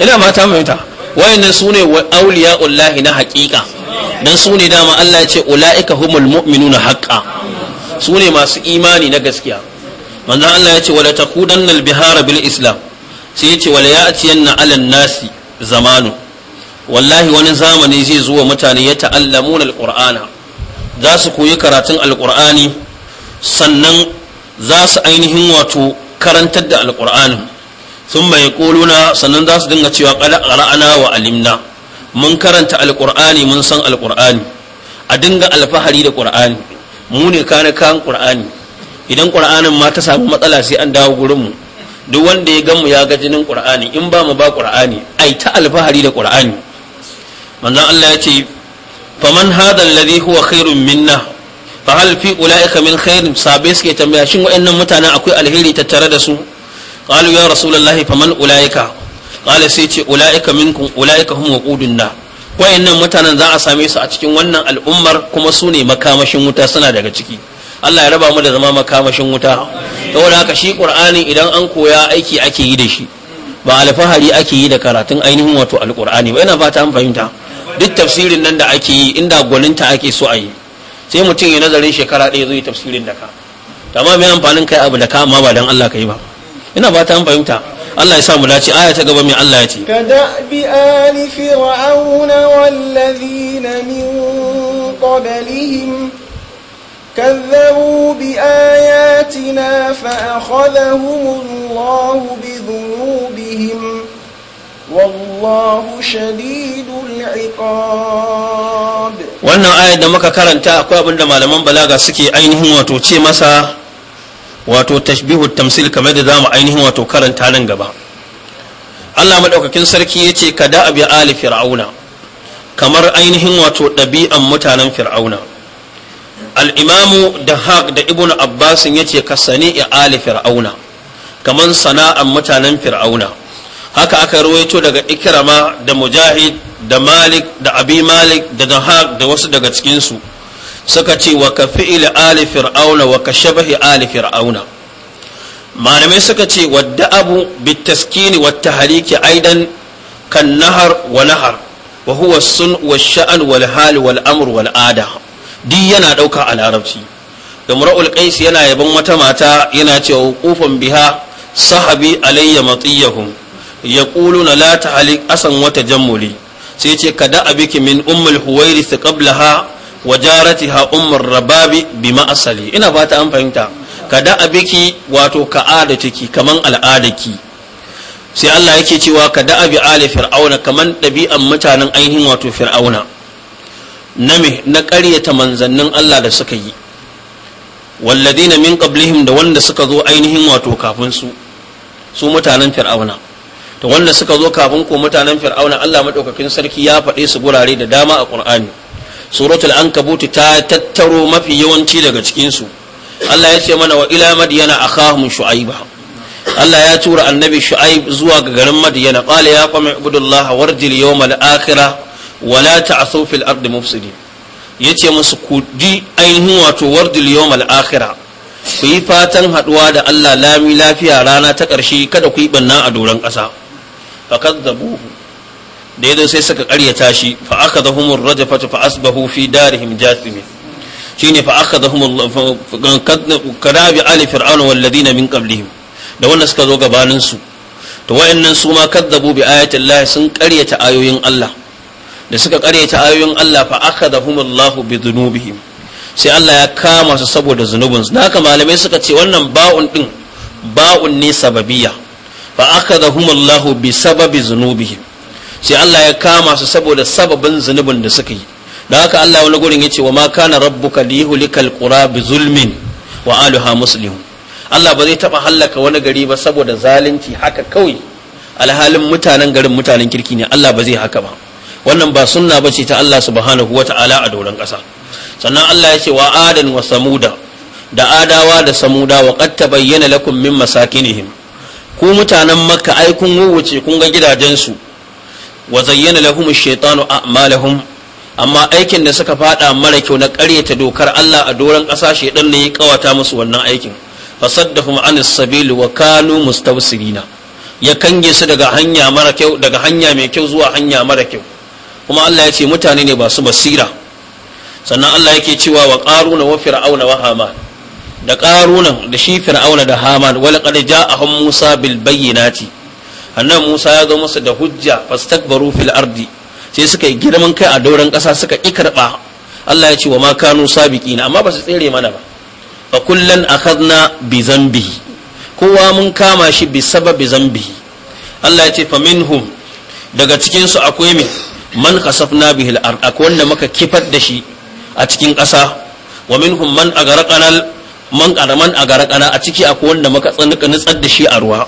ina mata mai ta wayannan sune auliya ullahi na haƙiƙa dan sune dama Allah ya ce ulaika humul mu'minuna haqqan sune masu imani na gaskiya manzon Allah ya ce wala takudanna al-bihara bil islam sai ya ce wala ya'tiyanna 'ala nasi zamanu wallahi wani zamani zai zo wa mutane ya ta'allamuna al-qur'ana za su koyi karatun al-qur'ani sannan za su ainihin wato karantar da alƙur'anin sun mai ƙoluna sannan za su dinga cewa ƙada wa alimna mun karanta alƙur'ani mun san alƙur'ani a dinga alfahari da ƙur'ani mu ne kane kan ƙur'ani idan ƙur'anin ma ta samu matsala sai an dawo gurin mu duk wanda ya gan mu ya ga jinin ƙur'ani in ba mu ba ƙur'ani ai ta alfahari da ƙur'ani manzon Allah ya ce faman hadha alladhi huwa khairun minna fa hal fi ulaika min khairin sabai suke tambaya shin wayannan mutanen akwai alheri tattare da su qalu ya rasulullahi faman ulaika qala sai ce ulaika minkum ulaika hum waqudun nar wayannan mutanen za a same su a cikin wannan al'ummar kuma su ne makamashin wuta suna daga ciki Allah ya raba mu da zama makamashin wuta saboda haka shi qur'ani idan an koya aiki ake yi da shi ba alfahari ake yi da karatun ainihin wato alqur'ani ba ina fata an fahimta duk tafsirin nan da ake yi inda gwaninta ake so a yi sai mutum ya nazarin shekara ɗaya zai tafsirin da ka amma mai amfanin kai abu da ka amma ba dan Allah ka yi ba ina ba ta fahimta Allah ya sa mu dace aya ta gaba mai Allah ya ce kada bi ali fir'auna wallazina min qablihim كذبوا بآياتنا فأخذهم bi بذنوبهم والله شديد العقاب wannan ayar da muka karanta akwai abin da malaman balaga suke ainihin wato ce masa wato tashbihu tamsil kamar da zamu ainihin wato karanta nan gaba Allah madaukakin sarki yace da abi ali fir'auna kamar ainihin wato ɗabi'an mutanen fir'auna al-imamu da haq da ibnu abbas yace kasani ali fir'auna kamar sana'an mutanen fir'auna haka aka ruwaito daga ikrama da mujahid da malik da abi malik da dahaq da wasu daga cikinsu suka ce wa ka fi'il ali fir'auna wa ka shabahi ali fir'auna malamai suka ce wadda abu bitaskini wa tahriki aidan kan nahar wa nahar wa huwa sun wa sha'an wal hal wal amr wal ada di yana dauka a larabci da mura'ul qais yana yaban wata mata yana cewa qufan biha sahabi alayya matiyahum ya yaquluna la ta'alik asan wata jammuli sai ce kada abiki min ummul huwairis ha wa ha umar rababi bima asali ina ba ta an fahimta kada abiki wato ka'ada take kaman al'adaki sai Allah yake cewa kada abi ali fir'auna kaman ɗabi'an mutanen ainihin wato fir'auna na me na ƙaryata manzannin Allah da suka yi walladina min qablihim da wanda suka zo ainihin wato kafin su su mutanen fir'auna to wanda suka zo kafin ku mutanen fir'auna Allah madaukakin sarki ya faɗe su gurare da dama a Qur'ani suratul ankabut ta tattaro mafi yawanci daga cikin su Allah ya ce mana wa ila madyana akhahum shu'aiba Allah ya tura annabi shu'aib zuwa ga garin madyana qala ya qami ibudullah warjil yawmal akhirah wala ta'thu fil ardi mufsidin yace musu ku ji ainihin wato warjil yawmal akhirah ku yi fatan haɗuwa da Allah lami lafiya rana ta ƙarshe kada ku yi banna a doron ƙasa fakazzabuhu da yazo sai suka karyata shi fa akadahumur rajfatu fa asbahu fi darihim jathimin shine fa akadahum kadabi ali fir'aun wallazi ladina min qablihim da wannan suka zo gabanin su to wayannan su ma bi Allah sun karyata ayoyin Allah da suka karyata ayoyin Allah fa akadahum Allah bi dhunubihim sai Allah ya kama su saboda zunubinsu su haka malamai suka ce wannan ba'un din ba'un ne sababiyya fa da Allahu bi sababi zunubihim sai Allah ya kama su saboda sababin zunubin da suka yi da haka Allah wani gurin ce wa ma kana rabbuka liyuhlikal qura bi zulmin wa aluha muslimun Allah ba zai taba hallaka wani gari ba saboda zalunci haka kawai alhalin mutanen garin mutanen kirki ne Allah ba zai haka ba wannan ba sunna ba ce ta Allah subhanahu wata'ala a doron ƙasa sannan Allah ya ce wa adan wa samuda da adawa da samuda wa qad tabayyana lakum min masakinihim ku mutanen makka ai kun wuwuce kun ga gidajensu wa zayyana lahum shaytanu a'malahum amma aikin da suka fada mara kyau na karyata dokar Allah a doron ƙasa dan ne ya kawata musu wannan aikin fasaddahum anis sabil wa kanu mustawsirina ya kange su daga hanya mara kyau daga hanya mai kyau zuwa hanya mara kyau kuma Allah ya ce mutane ne ba su basira sannan Allah yake cewa wa qaruna wa fir'auna wa haman da ƙaruna da shi fir'auna da haman wala qad ja'ahum musa bil bayyinati annan musa ya zo musu da hujja fastakbaru fil ardi sai suka yi girman kai a dauran ƙasa suka ki karɓa Allah ya ce wa ma kanu sabiqina amma ba su tsere mana ba fa kullan akhadna bi zambihi kowa mun kama shi bi sababi zambihi Allah ya ce fa minhum daga cikin su akwai mai man kasafna bihi al-ard akwai wanda muka kifar da shi a cikin ƙasa wa minhum man agharqana man karaman a garakana a ciki akwai wanda muka tsanuka nutsar da shi a ruwa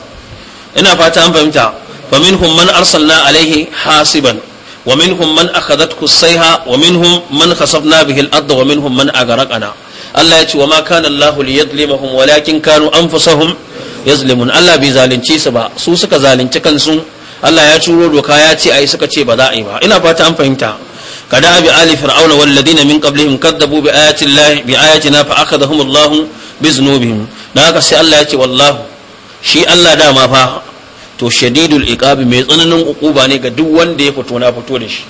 ina fata an fahimta fa minhum man arsalna alaihi hasiban wa minhum man akhadathu sayha wa minhum man khasafna bihi al-ard wa minhum man agharqana Allah ya ce wa ma kana Allah liyadlimahum walakin kanu anfusahum yazlimun Allah bai zalunci su ba su suka zalunci kansu Allah ya turo doka ya ce ai suka ce ba za a yi ba ina fata an fahimta kada bi ali fir'auna wal ladina min qablihim kadzabu bi ayati llahi bi ayatina fa akhadhahum allah bi zunubihim dan sai Allah ya wallahu shi Allah dama fa to shadidul iqabi mai tsananin ukuba ne ga duk wanda ya fito na fito da shi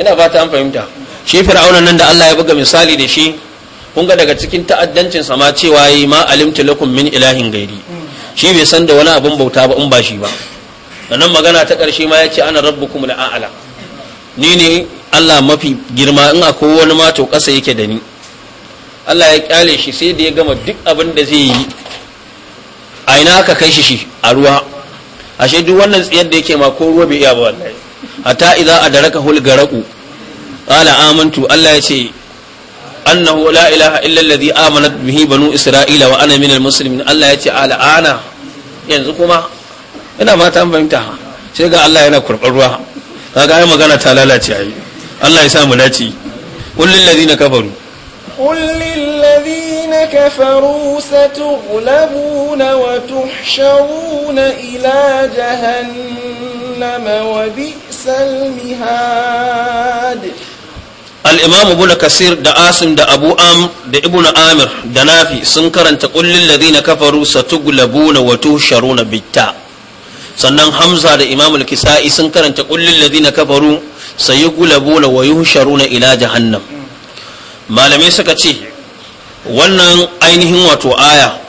ina fata an fahimta shi fir'auna nan da Allah ya buga misali da shi kun ga daga cikin ta'addancin sa ma cewa yi ma alimtu lakum min ilahin gairi shi bai san da wani abin bauta ba in ba shi ba nan magana ta karshe ma ya ce ana rabbukum la'ala ni ne Allah mafi girma in akwai wani mato ƙasa yake da ni Allah ya kyale shi sai da ya gama duk abin da zai yi a ina aka kai shi shi a ruwa ashe duk wannan tsayar da yake ma ko ruwa bai iya ba wallahi a da raka hul garaku qala amantu Allah ya ce annahu la ilaha illa alladhi amanat bihi banu isra'ila wa ana minal Allah ya ce ana yanzu kuma ina mata an fahimta sai ga Allah yana kurɓar ruwa kaga ai magana ta lalace ai Allah ya sa mu dace qul lil ladina kafaru qul lil ladina kafaru satughlabuna wa tuhshawuna ila jahannama wa bi'sal mihad al imam abu kasir da asim da abu da ibnu amir da nafi sun karanta qul lil ladina kafaru satughlabuna wa tuhsharuna bitta sannan hamza da imam al-kisa'i sun karanta kullil ladina kafaru sayughlabuna wa yuhsharuna ila jahannam malamai suka ce wannan ainihin wato aya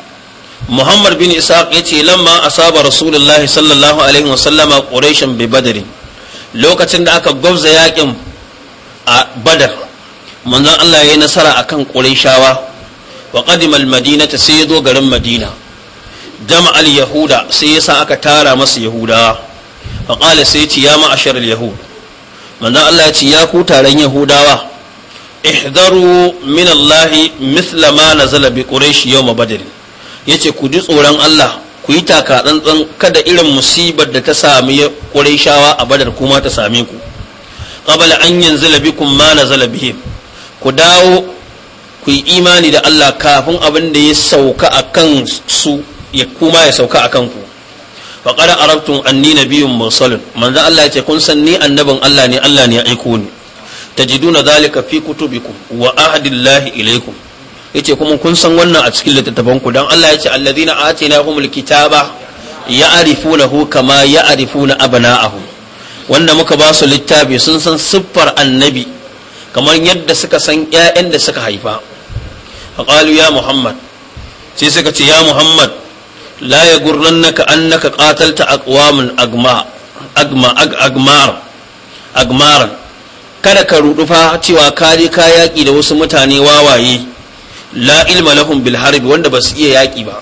muhammad bin ishaq ya ce lamma asaba rasulullahi sallallahu alaihi wasallama quraishan bi badr lokacin da aka gwabza yakin a badar manzon Allah ya yi nasara akan quraishawa wa qadima al-madinata sai ya zo garin madina jama'al yahuda sai yasa aka tara masa yahudawa fa qala sai ce ya ma'ashar al yahud Allah ya ce ya ku taron yahudawa ihdaru min Allah mithla ma nazala bi quraish yawm badr yace ku ji tsoron Allah ku yi taka tsantsan kada irin musibar da ta sami quraishawa a badar kuma ta same ku qabala an yanzila bikum ma nazala bihim ku dawo ku yi imani da Allah kafin abin da ya sauka akan su ya kuma ya sauka a kanku fa qad arabtum anni nabiyyun mursalun manzo Allah ya ce kun san ni annabin Allah ne Allah ne ya aiko ni tajiduna zalika fi kutubikum wa ahdillahi ilaykum yace kuma kun san wannan a cikin littattafan ku dan Allah yace alladhina atinahumul kitaba ya'rifunahu kama ya'rifuna abna'ahum wanda muka ba su littafi sun san siffar annabi kamar yadda suka san ƴaƴan da suka haifa faqalu ya muhammad sai suka ce ya muhammad la ya gurrannaka annaka qatalta aqwaman agma agma agmaran kada ka ruɗu fa cewa ka je ka yaƙi da wasu mutane wawaye la ilma lahum bil harbi wanda ba su iya yaƙi ba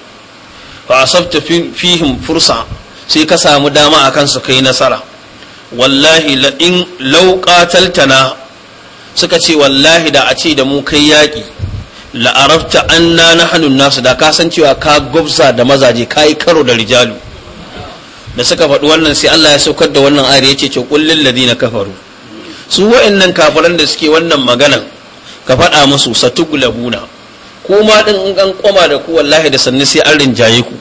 fa asabta fihim fursa sai ka samu dama kan su kai nasara wallahi la in law qataltana suka ce wallahi da a ce da mu kai yaƙi. la'arafta an na hannun nasu da ka cewa ka gobsa da mazaje ka yi karo da rijalu da suka faɗi wannan sai Allah ya saukar da wannan ayar ya ce kullil ladina kafaru su wa'annan kafiran da suke wannan maganan ka faɗa musu satugulabuna kuma din in an koma da ku wallahi da sanni sai an rinjaye ku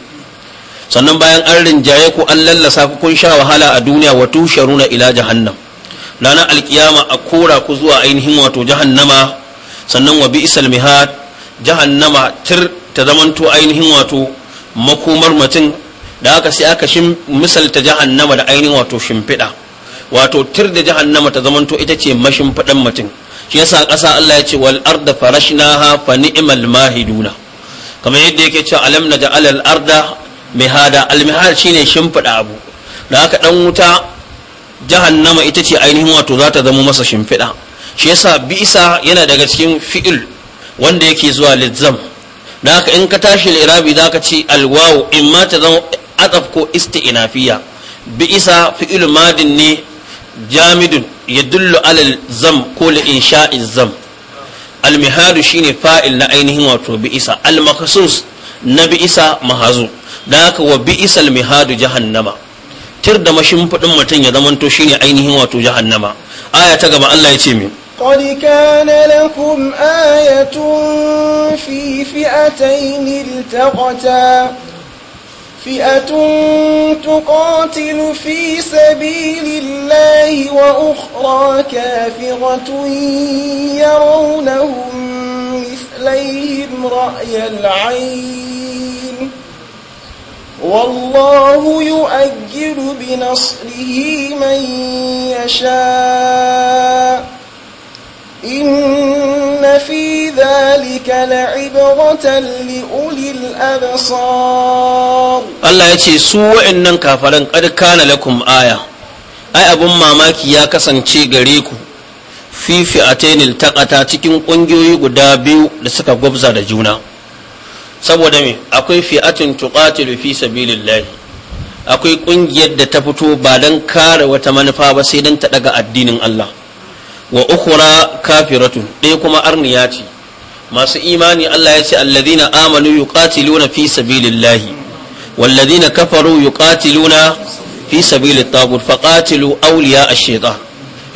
sannan bayan an rinjaye ku an lallasa ku kun sha wahala a duniya wa tusharuna ila jahannam ranar alkiyama a kora ku zuwa ainihin wato jahannama sannan wa isal mihad jahannama tir ta zamanto ainihin wato makomar mutum da aka sai aka misal misalta jahannama da ainihin wato shimfiɗa wato tir da jahannama ta zamanto ita ce mashimfiɗan mutum shi yasa ƙasa Allah ya ce wal arda farashnaha fa ni'mal mahiduna kamar yadda yake cewa alam na ja'al al arda mihada al mihad shine shimfiɗa abu da aka dan wuta jahannama ita ce ainihin wato za ta zama masa shimfiɗa shi yasa bisa yana daga cikin fi'il wanda yake zuwa lizzam da haka in ka tashi la'irabi za ka ce alwawo in ma ta zama atsaf ko inafiya bi isa fi'il madin ne jamidun ya dullu alal zam ko la sha zam almihadu shine fa'il na ainihin wato bi isa almakasus na bi isa mahazu da haka wa bi isa almihadu jahannama tir da mashimfiɗin mutum ya zamanto shine ainihin wato jahannama aya ta gaba Allah ya ce min قد كان لكم آية في فئتين التقتا فئة تقاتل في سبيل الله وأخرى كافرة يرونهم مثليهم رأي العين والله يؤجل بنصره من يشاء إن في ذلك لعبرة لأولي الأبصار الله يتي سوء إنن كافرن قد كان لكم آية أي أبو ماماكي يا كسن غريكو في فئتين التقطا cikin ƙungiyoyi guda biyu da suka gwabza da juna saboda me akwai fi'atin tuqatilu fi sabilillahi akwai ƙungiyar da ta fito ba don kare wata manufa ba sai don ta daga addinin Allah wa ukhra kafiratun ɗaya kuma arniya ce masu imani Allah ya ce alladhina amanu yuqatiluna fi sabilillahi والذين كفروا يقاتلون في سبيل الطاغوت فقاتلوا اولياء الشيطان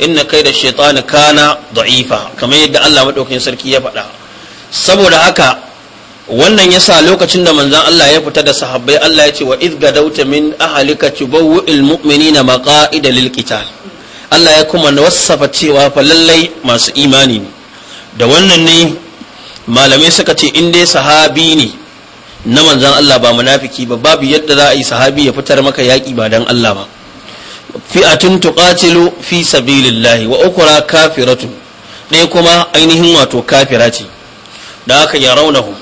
ان كيد الشيطان كان ضعيفا كما yadda allah مدوكين sarki ya faɗa saboda haka wannan yasa lokacin da manzon Allah ya fita da sahabbai Allah ya ce wa idh gadawta min ahlika tubawwi'il mu'minina maqa'ida lil qital Allah ya kuma wassafa cewa fa lallai masu imani ne da wannan ne malamai suka ce in dai sahabi ne na manzan Allah ba munafiki ba babu yadda za a yi sahabi ya fitar maka yaƙi ba don Allah ba fi'atun tuqatilu fi sabilillahi wa ukra kafiratu ɗaya kuma ainihin wato kafira ce da haka ya raunahu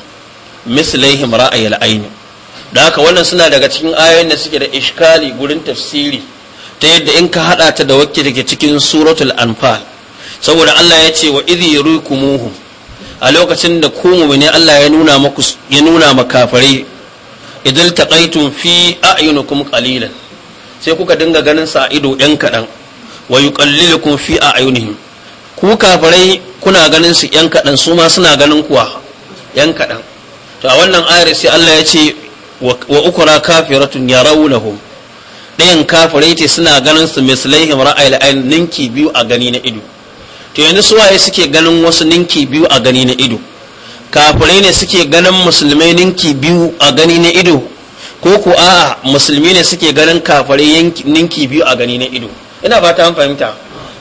mislaihim ra'ayil aini da haka wannan suna daga cikin ayoyin da suke da iskali gurin tafsiri ta yadda in ka haɗa ta da wacce ke cikin suratul anfal saboda Allah ya ce wa idhi yurikumuhum a lokacin da ku mu'mini Allah ya nuna maku ya nuna makafare idil taqaitum fi a'yunikum qalilan sai kuka dinga ganin sa ido ɗan kaɗan wa yuqallilukum fi a'yunihim ku kafarai kuna ganin su ɗan kaɗan su ma suna ganin kuwa ɗan kaɗan to a wannan ayar sai Allah ya ce wa ukra kafiratun yarawnahum ɗayan kafirai ce suna ganin su mislaihim ra'ayil ayn ninki biyu a gani na ido to yanzu suwaye suke ganin wasu ninki biyu a gani na ido kafirai ne suke ganin musulmai ninki biyu a gani na ido ko ko a'a musulmi ne suke ganin kafirai ninki biyu a gani na ido ina ba ta fahimta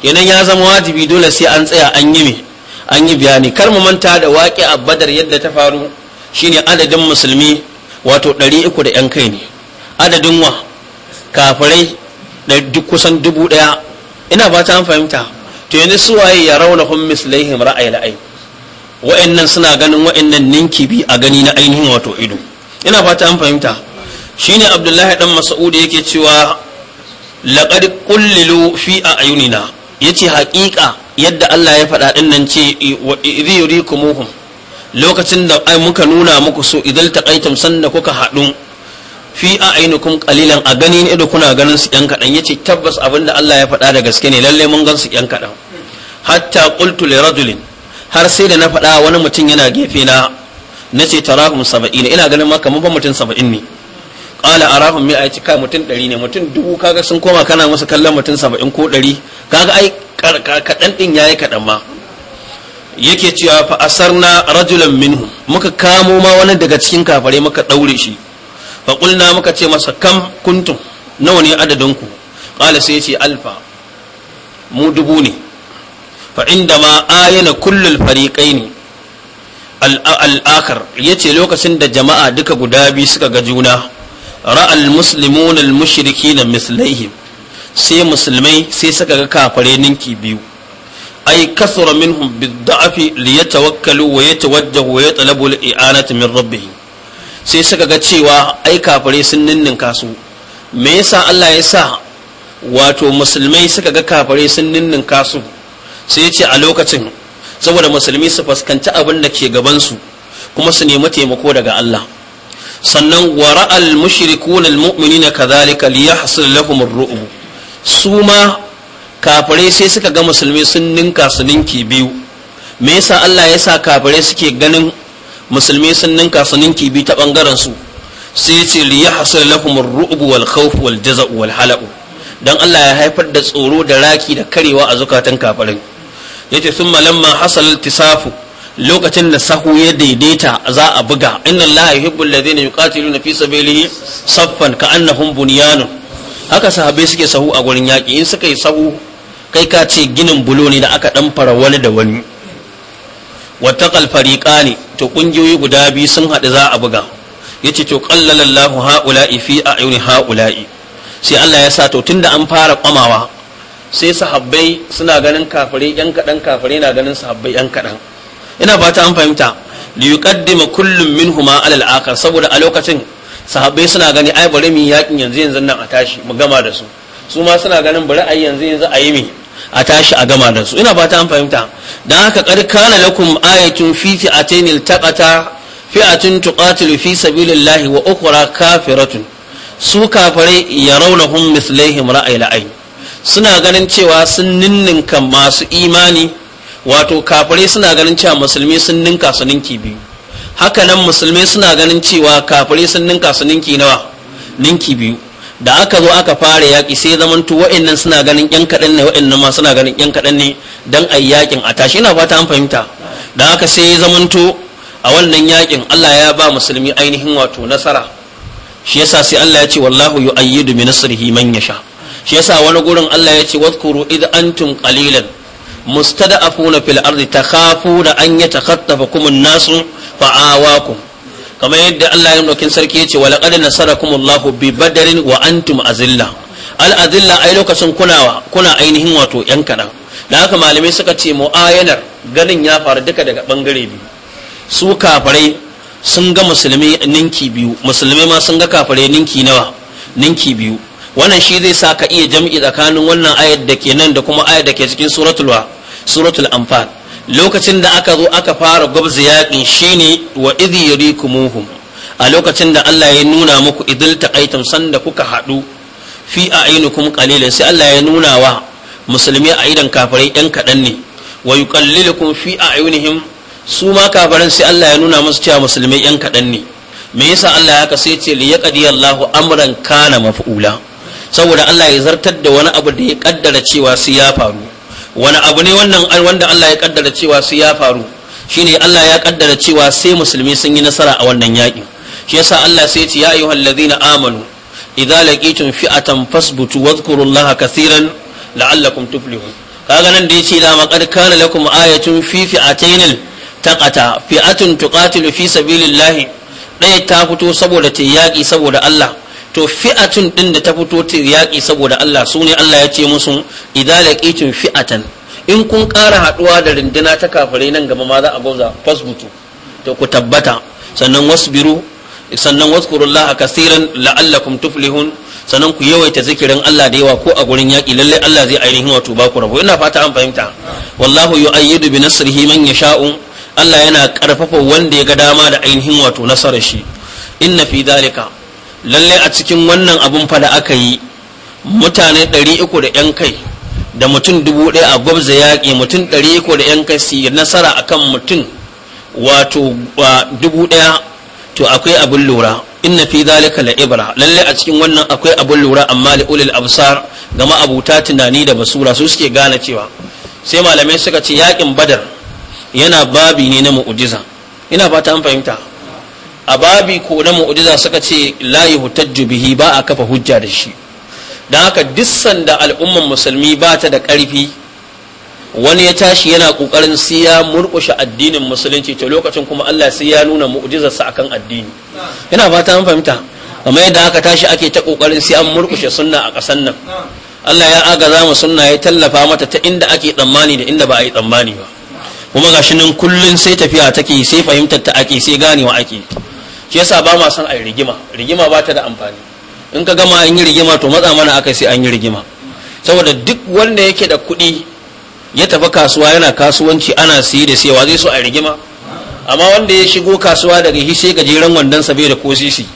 kenan ya zama wajibi dole sai an tsaya an yi an yi bayani kar mu manta da waƙi a badar yadda ta faru shine adadin musulmi wato 300 da yan kai ne adadin wa kafirai da kusan dubu ɗaya ina ba ta an fahimta to yanzu suwaye ya rauna hun mislaihim ra'ayi la'ai wa'annan suna ganin wa'annan ninki bi a gani na ainihin wato ido ina ba ta an fahimta shine abdullahi dan mas'ud yake cewa laqad qullilu fi ayunina yace haƙiƙa yadda Allah ya faɗa din nan ce idh yurikumuhum lokacin da muka nuna muku so idan taqaitum sanda kuka haɗu fi a ainukum kalilan a gani ne da kuna ganin su yan kadan yace tabbas abin da Allah ya faɗa da gaske ne lalle mun gan su yan kaɗan. hatta qultu li rajulin har sai da na faɗa wani mutum yana gefe na nace tarahum 70 ina ganin ma kamar ba mutum 70 ne qala arahum mi ayati kai mutum 100 ne mutum dubu kaga sun koma kana masa kallon mutum 70 ko 100 kaga ai kadan din yayi kaɗan ma yake cewa fa asarna rajulan minhum muka kamo ma wani daga cikin kafare muka ɗaure shi faƙulna muka ce masa kam kuntum nawa ne adadinku ƙala sai ce alfa mu dubu ne fa ma ayana kullum fariƙai ne al'akar ya ce lokacin da jama'a duka guda biyu suka ga juna ra'al muslimun al mushriki na mislaihim sai musulmai sai suka ga kafare ninki biyu ai kasura minhum bid da'afi li yatawakkalu wa yatawajjahu wa yatalabu al min rabbihim sai suka ga cewa ai kafirai sun ninninka su me yasa Allah ya sa wato musulmai suka ga kafare sun ninninka su sai ya ce a lokacin saboda musulmi su fuskanci abin da ke gabansu kuma su nemi taimako daga Allah sannan wa ra'al mushrikun al mu'minina kadhalika liyahsul lahum ar su ma kafirai sai suka ga musulmi sun ninka su ninki biyu me yasa Allah ya sa kafirai suke ganin musulmi sun ninka su ninki bi ta bangaren su sai ce li yahsul lahum ar-ru'b wal khawf wal jaza'u wal hala'u dan Allah ya haifar da tsoro da raki da karewa a zukatan kafirin yace thumma lamma hasal tisafu lokacin da sahu ya daidaita za a buga inna allaha yuhibbu alladhina yuqatiluna fi sabilihi saffan ka'annahum bunyanun haka sahabbai suke sahu a gurin yaki in suka yi sahu kai ka ce ginin bulo ne da aka dan fara wani da wani wattaqal ne. to kungiyoyi guda biyu sun haɗu za a buga ya ce to ƙallalallahu haula'i fi yuni haula'i sai Allah ya sa to tunda an fara kwamawa sai sahabbai suna ganin kafirai yan kaɗan kafirai na ganin sahabbai yan kaɗan ina fata an fahimta li yuqaddima kullum minhuma alal akhar saboda a lokacin sahabbai suna gani ai bari mu yakin yanzu yanzu nan a tashi mu gama da su su ma suna ganin bari ai yanzu yanzu a yi mi a tashi a gama da su ina ba ta fahimta don haka kad kana lakum ayatun fi fi'atin iltaqata fi'atun tuqatilu fi sabilillahi wa ukhra kafiratun su kafare yarawnahum mislaihim ra'ayil ayn suna ganin cewa sun ninninka masu imani wato kafare suna ganin cewa musulmi sun ninka su ninki biyu haka nan musulmi suna ganin cewa kafare sun ninka su ninki nawa ninki biyu da aka zo aka fara yaƙi sai zamantu wa'annan suna ganin yan kaɗan ne wa'annan ma suna ganin yan kaɗan ne don a yaƙin a tashi ina fata an fahimta da aka sai zamantu a wannan yaƙin Allah ya ba musulmi ainihin wato nasara shi yasa sai Allah ya ce wallahu yu'ayyidu bi nasrihi man yasha shi yasa wani gurin Allah ya ce wadhkuru id antum qalilan mustada'afuna fil ardi takhafuna an kattafa an-nasu fa'awakum kamar yadda Allah ya dokin sarki yace wa laqad Allah bi badrin wa antum azilla al azilla ai lokacin kuna kuna ainihin wato yan kadan da haka malamai suka ce mu'ayanar ganin ya faru duka daga bangare biyu su kafirai sun ga musulmi ninki biyu musulmi ma sun ga kafirai ninki nawa ninki biyu wannan shi zai sa ka iya jam'i tsakanin wannan ayat da ke nan da kuma ayat da ke cikin suratul wa suratul anfal lokacin da aka zo aka fara gwabza yaƙin ne wa idh a lokacin da Allah ya nuna muku idil taƙaitun sanda kuka haɗu fi a ainukum qalilan sai Allah ya nuna wa musulmi a idan kafirai ɗan kaɗan ne wa yuqallilukum fi a ainihin su ma sai Allah ya nuna musu cewa musulmi ɗan kaɗan ne me yasa Allah ya kasa ce li yaqdi Allahu amran kana maf'ula saboda Allah ya zartar da wani abu da ya kaddara cewa sai ya faru wani abu ne wannan wanda Allah ya kaddara cewa su ya faru shine Allah ya kaddara cewa sai musulmi sun yi nasara a wannan yaƙi shi yasa Allah sai ya ce ya ayyuhal ladina amanu idza laqitum fi'atan fasbutu wadhkurullaha katsiran la'allakum tuflihun kaga nan da yace la maqad kana lakum ayatun fi fi'atayn taqata fi'atun tuqatilu fi sabilillahi ɗaya ta fito saboda ta yaƙi saboda Allah to fi'atun din da ta fito ta yaƙi saboda Allah su ne Allah ya ce musu idza laqitum fi'atan in kun ƙara haɗuwa da rinduna ta kafirai nan gaba ma za a gauza fasbutu to ku tabbata sannan wasbiru sannan waskurullaha kaseeran la'allakum tuflihun sannan ku yawaita zikirin Allah da yawa ko a gurin yaƙi lalle Allah zai ainihin wato ba ku rabo ina fata an fahimta wallahu yu'ayyidu bi nasrihi man yasha'u Allah yana karfafa wanda ya ga dama da ainihin wato nasarar shi inna fi dalika lallai a cikin wannan abun fa da aka yi mutane uku da ƴan kai da mutum dubu ɗaya a gwabza yaƙi mutum ɗari uku da ƴan su kasi nasara akan mutum wato dubu ɗaya to akwai abin lura inna fi zalika la ibra lalle a cikin wannan akwai abin lura amma li ulil absar ga ma'abuta tunani da basura su suke gane cewa sai malamai suka ce yaƙin badar yana babi ne na mu'ujiza ina fata an fahimta a babi ko na mu'jiza suka ce la yuhtajju bihi ba a kafa hujja da shi dan haka dissan da al'umman musulmi ba ta da ƙarfi wani ya tashi yana ƙoƙarin sai ya murƙushe addinin musulunci to lokacin kuma Allah sai ya nuna sa akan addini Yana fata an fahimta haka yadda aka tashi ake ta ƙoƙarin sai an murkushe sunna a ƙasar nan Allah ya agaza mu sunna ya tallafa mata ta inda ake tsammani da inda ba a yi tsammani ba kuma gashi nan kullun sai tafiya take sai fahimtar ta ake sai ganewa ake shi yasa ba ma son a rigima rigima ba ta da amfani in ka gama an yi rigima to matsa mana aka sai an yi rigima saboda duk wanda yake da kuɗi ya tafi kasuwa yana kasuwanci ana siye da siyawa zai so a rigima amma wanda ya shigo kasuwa daga hi sai gajeren wandon sa bai da ko sisi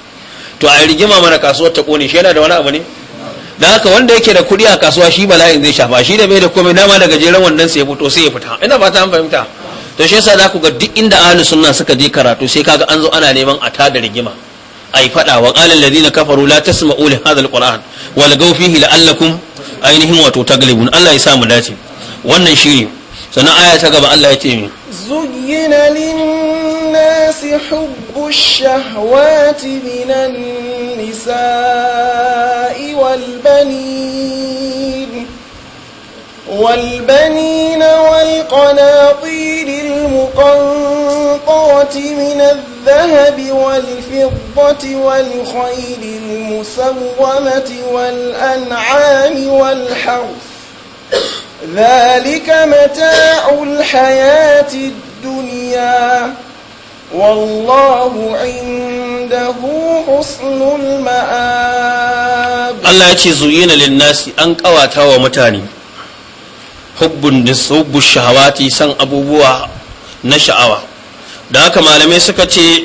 to a rigima mana kasuwar ta kone shi yana da wani abu ne da haka wanda yake da kuɗi a kasuwa shi bala'in zai shafa shi da bai da komai dama daga gajeren wandon sa ya fito sai ya fita ina fata an fahimta to shi yasa za ku ga duk inda ahlus sunna suka je karatu sai kaga an zo ana neman a tada rigima ai fada wa qala alladhina kafaru la tasma'u li hadha alquran wal gaw fihi la'allakum ainihin wato taglibun Allah ya sa mu dace wannan shiri sannan aya ta gaba Allah ya ce mi zuyyina للناس حب الشهوات من wal والبنين والبنين والقناطير المقنطرة من الذهب والفضة والخيل المسومة والأنعام والحرث ذلك متاع الحياة الدنيا والله عنده حسن المآب الله يجي زينا للناس أنك أواتها ومتاني hubbun nisubbu shahawati san abubuwa na sha'awa da haka malamai suka ce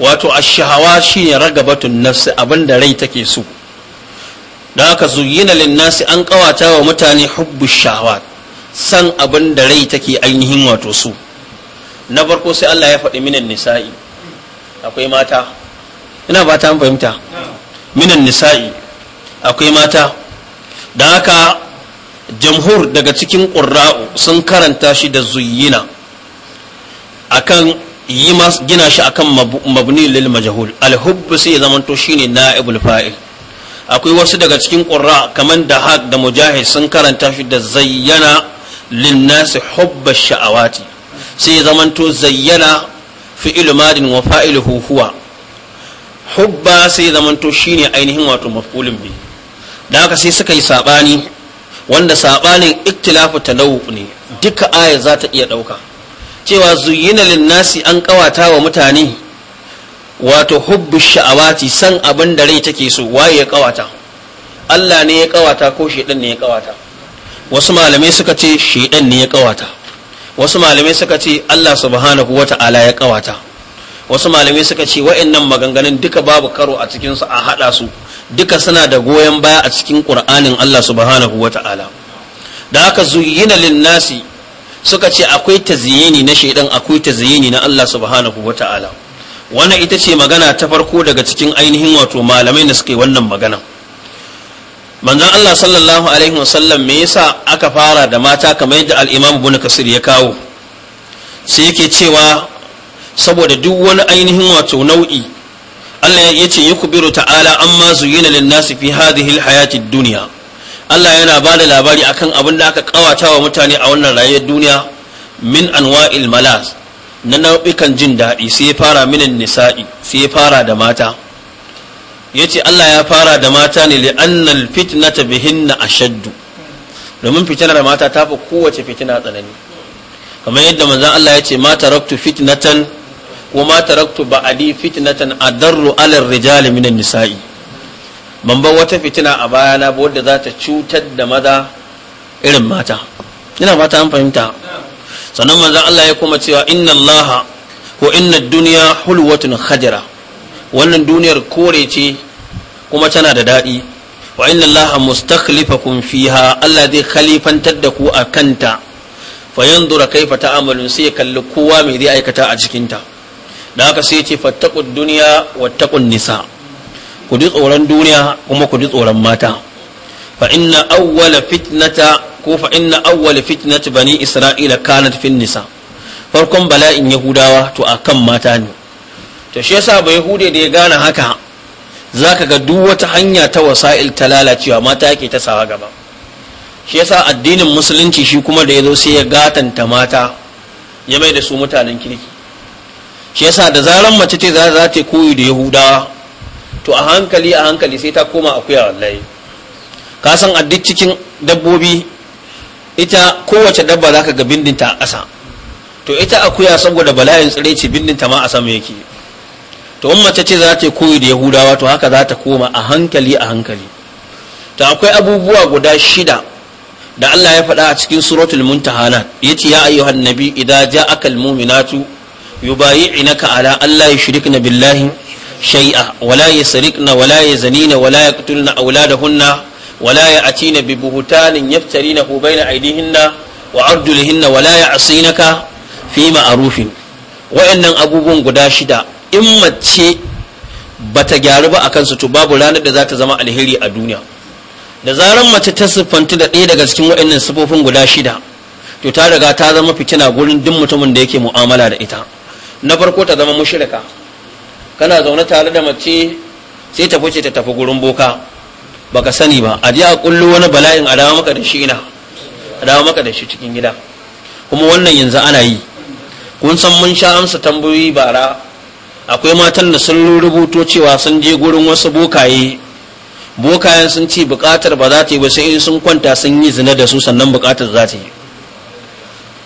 wato a shahawa shine ragabatun nafsi abinda rai take so da haka zuyina lin-nasi an kawata wa mutane hubbu shahawat san abin da rai take ainihin wato su na farko sai Allah ya faɗi minan nisa'i akwai mata ina ba ta fahimta minan nisa'i akwai mata da haka jamhur daga cikin ƙurra'u sun karanta shi da zuyina akan yi gina shi akan mabni lil majhul alhubbu sai zamanto shine na'ibul fa'il akwai wasu daga cikin ƙurra kamar da haq da mujahid sun karanta shi da zayyana lin nasi hubba sha'awati sai zamanto zayyana fi'il madin wa fa'iluhu huwa hubba sai zamanto shine ainihin wato maf'ulun bi da haka sai suka yi saɓani. wanda sabanin iktilafu talawu ne duka aya za ta iya dauka cewa zuyina linnasi an kawata wa mutane wato hubbu sha'awati san abin da rai take so waye ya kawata Allah ne ya kawata ko shedan ne ya kawata wasu malamai suka ce shedan ne ya kawata wasu malamai suka ce Allah subhanahu wata'ala ya kawata wasu malamai suka ce wa'annan maganganun duka babu karo a cikinsu a hada su duka suna da goyon baya a cikin ƙur'anin Allah subhanahu wa ta'ala da haka zuyina linnasi suka ce akwai taziyini na shaidan akwai taziyini na Allah subhanahu wa ta'ala wannan ita ce magana ta farko daga cikin ainihin wato malamai da suka wannan magana manzon Allah sallallahu alaihi wasallam me yasa aka fara da mata kamar yadda al-Imam Ibn Kasir ya kawo sai yake cewa saboda duk wani ainihin wato nau'i Allah ya ce yukbiru ta'ala amma zuyina lin-nasi fi hadhihi al-hayati ad-dunya Allah yana ba da labari akan abin da aka kawata wa mutane a wannan rayuwar duniya min anwa'il malas na nau'ikan jin daɗi sai ya fara min nisa'i sai ya fara da mata yace Allah ya fara da mata ne li annal fitnata bihinna ashaddu domin fitinar mata ta fi kowace fitina tsanani kamar yadda manzon Allah ya ce ma taraktu fitnatan wa tarakto taraktu ba'adi fitnatan adarru alal rijali minan nisa'i ban bar wata fitina a baya na wadda zata cutar da maza irin mata ina fata an fahimta sannan manzon Allah ya kuma cewa inna Allah inna dunya hulwatun khadira wannan duniyar kore ce kuma tana da daɗi wa inna Allah mustakhlifakum fiha Allah zai khalifantar da ku a kanta fa yanzura kaifa ta'amalun sai kalli kowa mai zai aikata a cikinta da haka sai ce duniya dunya wattaqun nisa ku ji tsoron duniya kuma ku ji tsoron mata fa inna awwala fitnata ko fa inna awwala fitnati bani isra'ila kanat fin nisa farkon bala'in yahudawa to akan mata ne to shi yasa ba yahude da ya gane haka zaka ga duk wata hanya ta wasa'il ta lalacewa mata yake ta sawa gaba shi yasa addinin musulunci shi kuma da ya zo sai ya gatanta mata ya mai da su mutanen kirki shi yasa da zaran mace ce za ta koyi da yahudawa to a hankali a hankali sai ta koma akuya wallahi ka san a duk cikin dabbobi ita kowace dabba zaka ga bindinta a ƙasa to ita akuya saboda bala'in tsire ce bindinta ma a sama yake to in mace ce za ta koyi da yahudawa to haka za ta koma a hankali a hankali to akwai abubuwa guda shida da Allah ya faɗa a cikin suratul muntahanat yace ya ayyuhan nabi idza ja'akal mu'minatu yubayi'inaka ala Allah yushrikna billahi shay'a wala yasrikna wala yazanina wala yaqtulna auladahunna wala ya'tina bi buhtanin yaftarinahu bayna aydihinna wa arjulihinna wala ya'sinaka fi ma'rufin wa'annan abubuwan guda shida in mace bata gyaru ba a kansu to babu ranar da zata zama alheri a duniya da zarar mace ta siffanta da ɗaya daga cikin wa'annan sifofin guda shida to ta riga ta zama fitina gurin duk mutumin da yake mu'amala da ita na farko ta zama mushrika kana zaune tare da mace sai ta fice ta tafi gurin boka baka sani ba a a kullu wani bala'in a dawo maka da shi ina a dawo maka da shi cikin gida kuma wannan yanzu ana yi kun san mun sha amsa tambayoyi bara akwai matan da sun rubuto cewa sun je gurin wasu bokaye bokayen sun ce bukatar ba za ta yi ba sai sun kwanta sun yi zina da su sannan bukatar za ta yi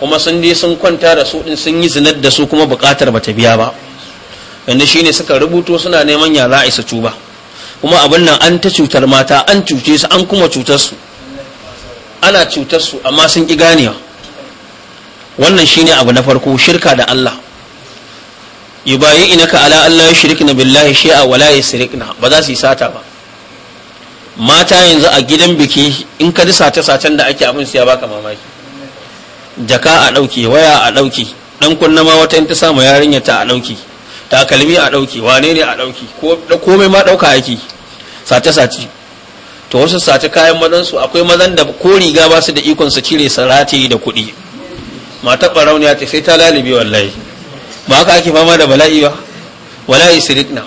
kuma sun je sun kwanta da su din sun yi zinar da su kuma bukatar bata biya ba shi shine suka rubuto suna neman ya za a isa cuba kuma abin nan an ta cutar mata an cuce su an kuma cutar su ana cutar su amma sun ki ganewa wannan shine abu na farko shirka da Allah yubayi inaka ala Allah ya shirkna billahi shi'a wala yusrikna ba za su yi sata ba mata yanzu a gidan biki in ka ji sace-sacen da ake abin su ya baka mamaki jaka a ɗauki waya a ɗauki ɗan kunna ma wata ta samu yarinya ta a ɗauki takalmi a ɗauki wane ne a ɗauki komai ma ɗauka yake sace sace to wasu sace kayan mazan su akwai mazan da ko riga ba su da ikon su cire sarati da kuɗi mata barauniya ce sai ta lalibi wallahi ba haka ake fama da bala'i ba wala sirikna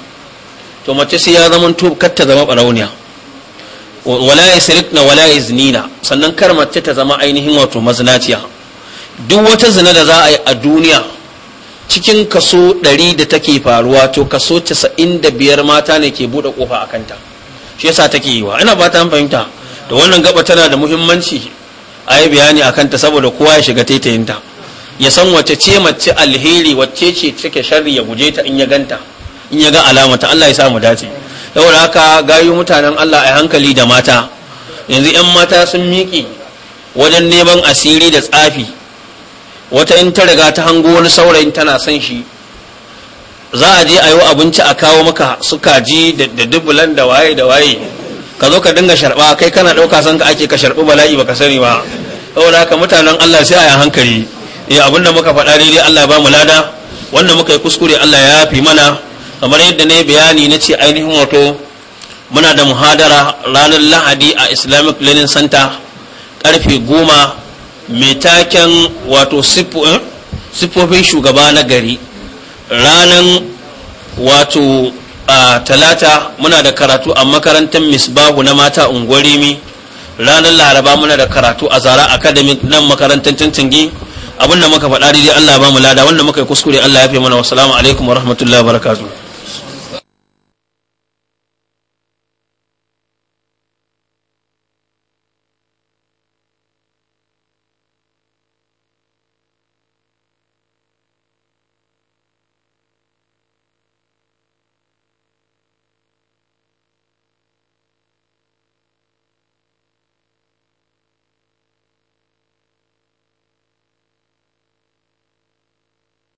to mace sai ya zama to kar ta zama barauniya wala sirikna wala zinina sannan kar mace ta zama ainihin wato mazinaciya duk wata zina da za a yi a duniya cikin kaso ɗari da take faruwa to kaso da biyar mata ne ke buɗe kofa a kanta shi yasa take yi wa ina ba ta fahimta da wannan gaba tana da muhimmanci a yi bayani a kanta saboda kowa ya shiga taitayinta ya san wace ce mace alheri wacce ce take sharri ya guje ta in ya ganta in ya ga alamata Allah ya samu dace saboda haka gayu mutanen Allah a hankali da mata yanzu 'yan mata sun miƙe wajen neman asiri da tsafi wata in ta riga ta hango wani saurayin tana son shi za a je a yi abinci a kawo maka su kaji da dubulan da waye da waye ka zo ka dinga sharba kai kana ɗauka san ka ake ka sharbi bala'i baka sani ba saboda haka mutanen Allah sai a yi hankali eh abinda muka faɗa daidai Allah ba mu lada wanda muka yi kuskure Allah ya fi mana kamar yadda na yi bayani na ce ainihin wato muna da muhadara ranar lahadi a islamic learning center karfe goma mai taken wato siffofin eh, shugaba na gari ranar wato a talata muna da karatu a makarantar misbahu na mata ungwarimi ranar laraba muna da karatu a zara academy nan makarantar cancangi abinda muka faɗa daidai allah ba mu lada wanda muka yi kuskure allah ya fi mana wasu alaikum wa rahmatullahi wa barakatuh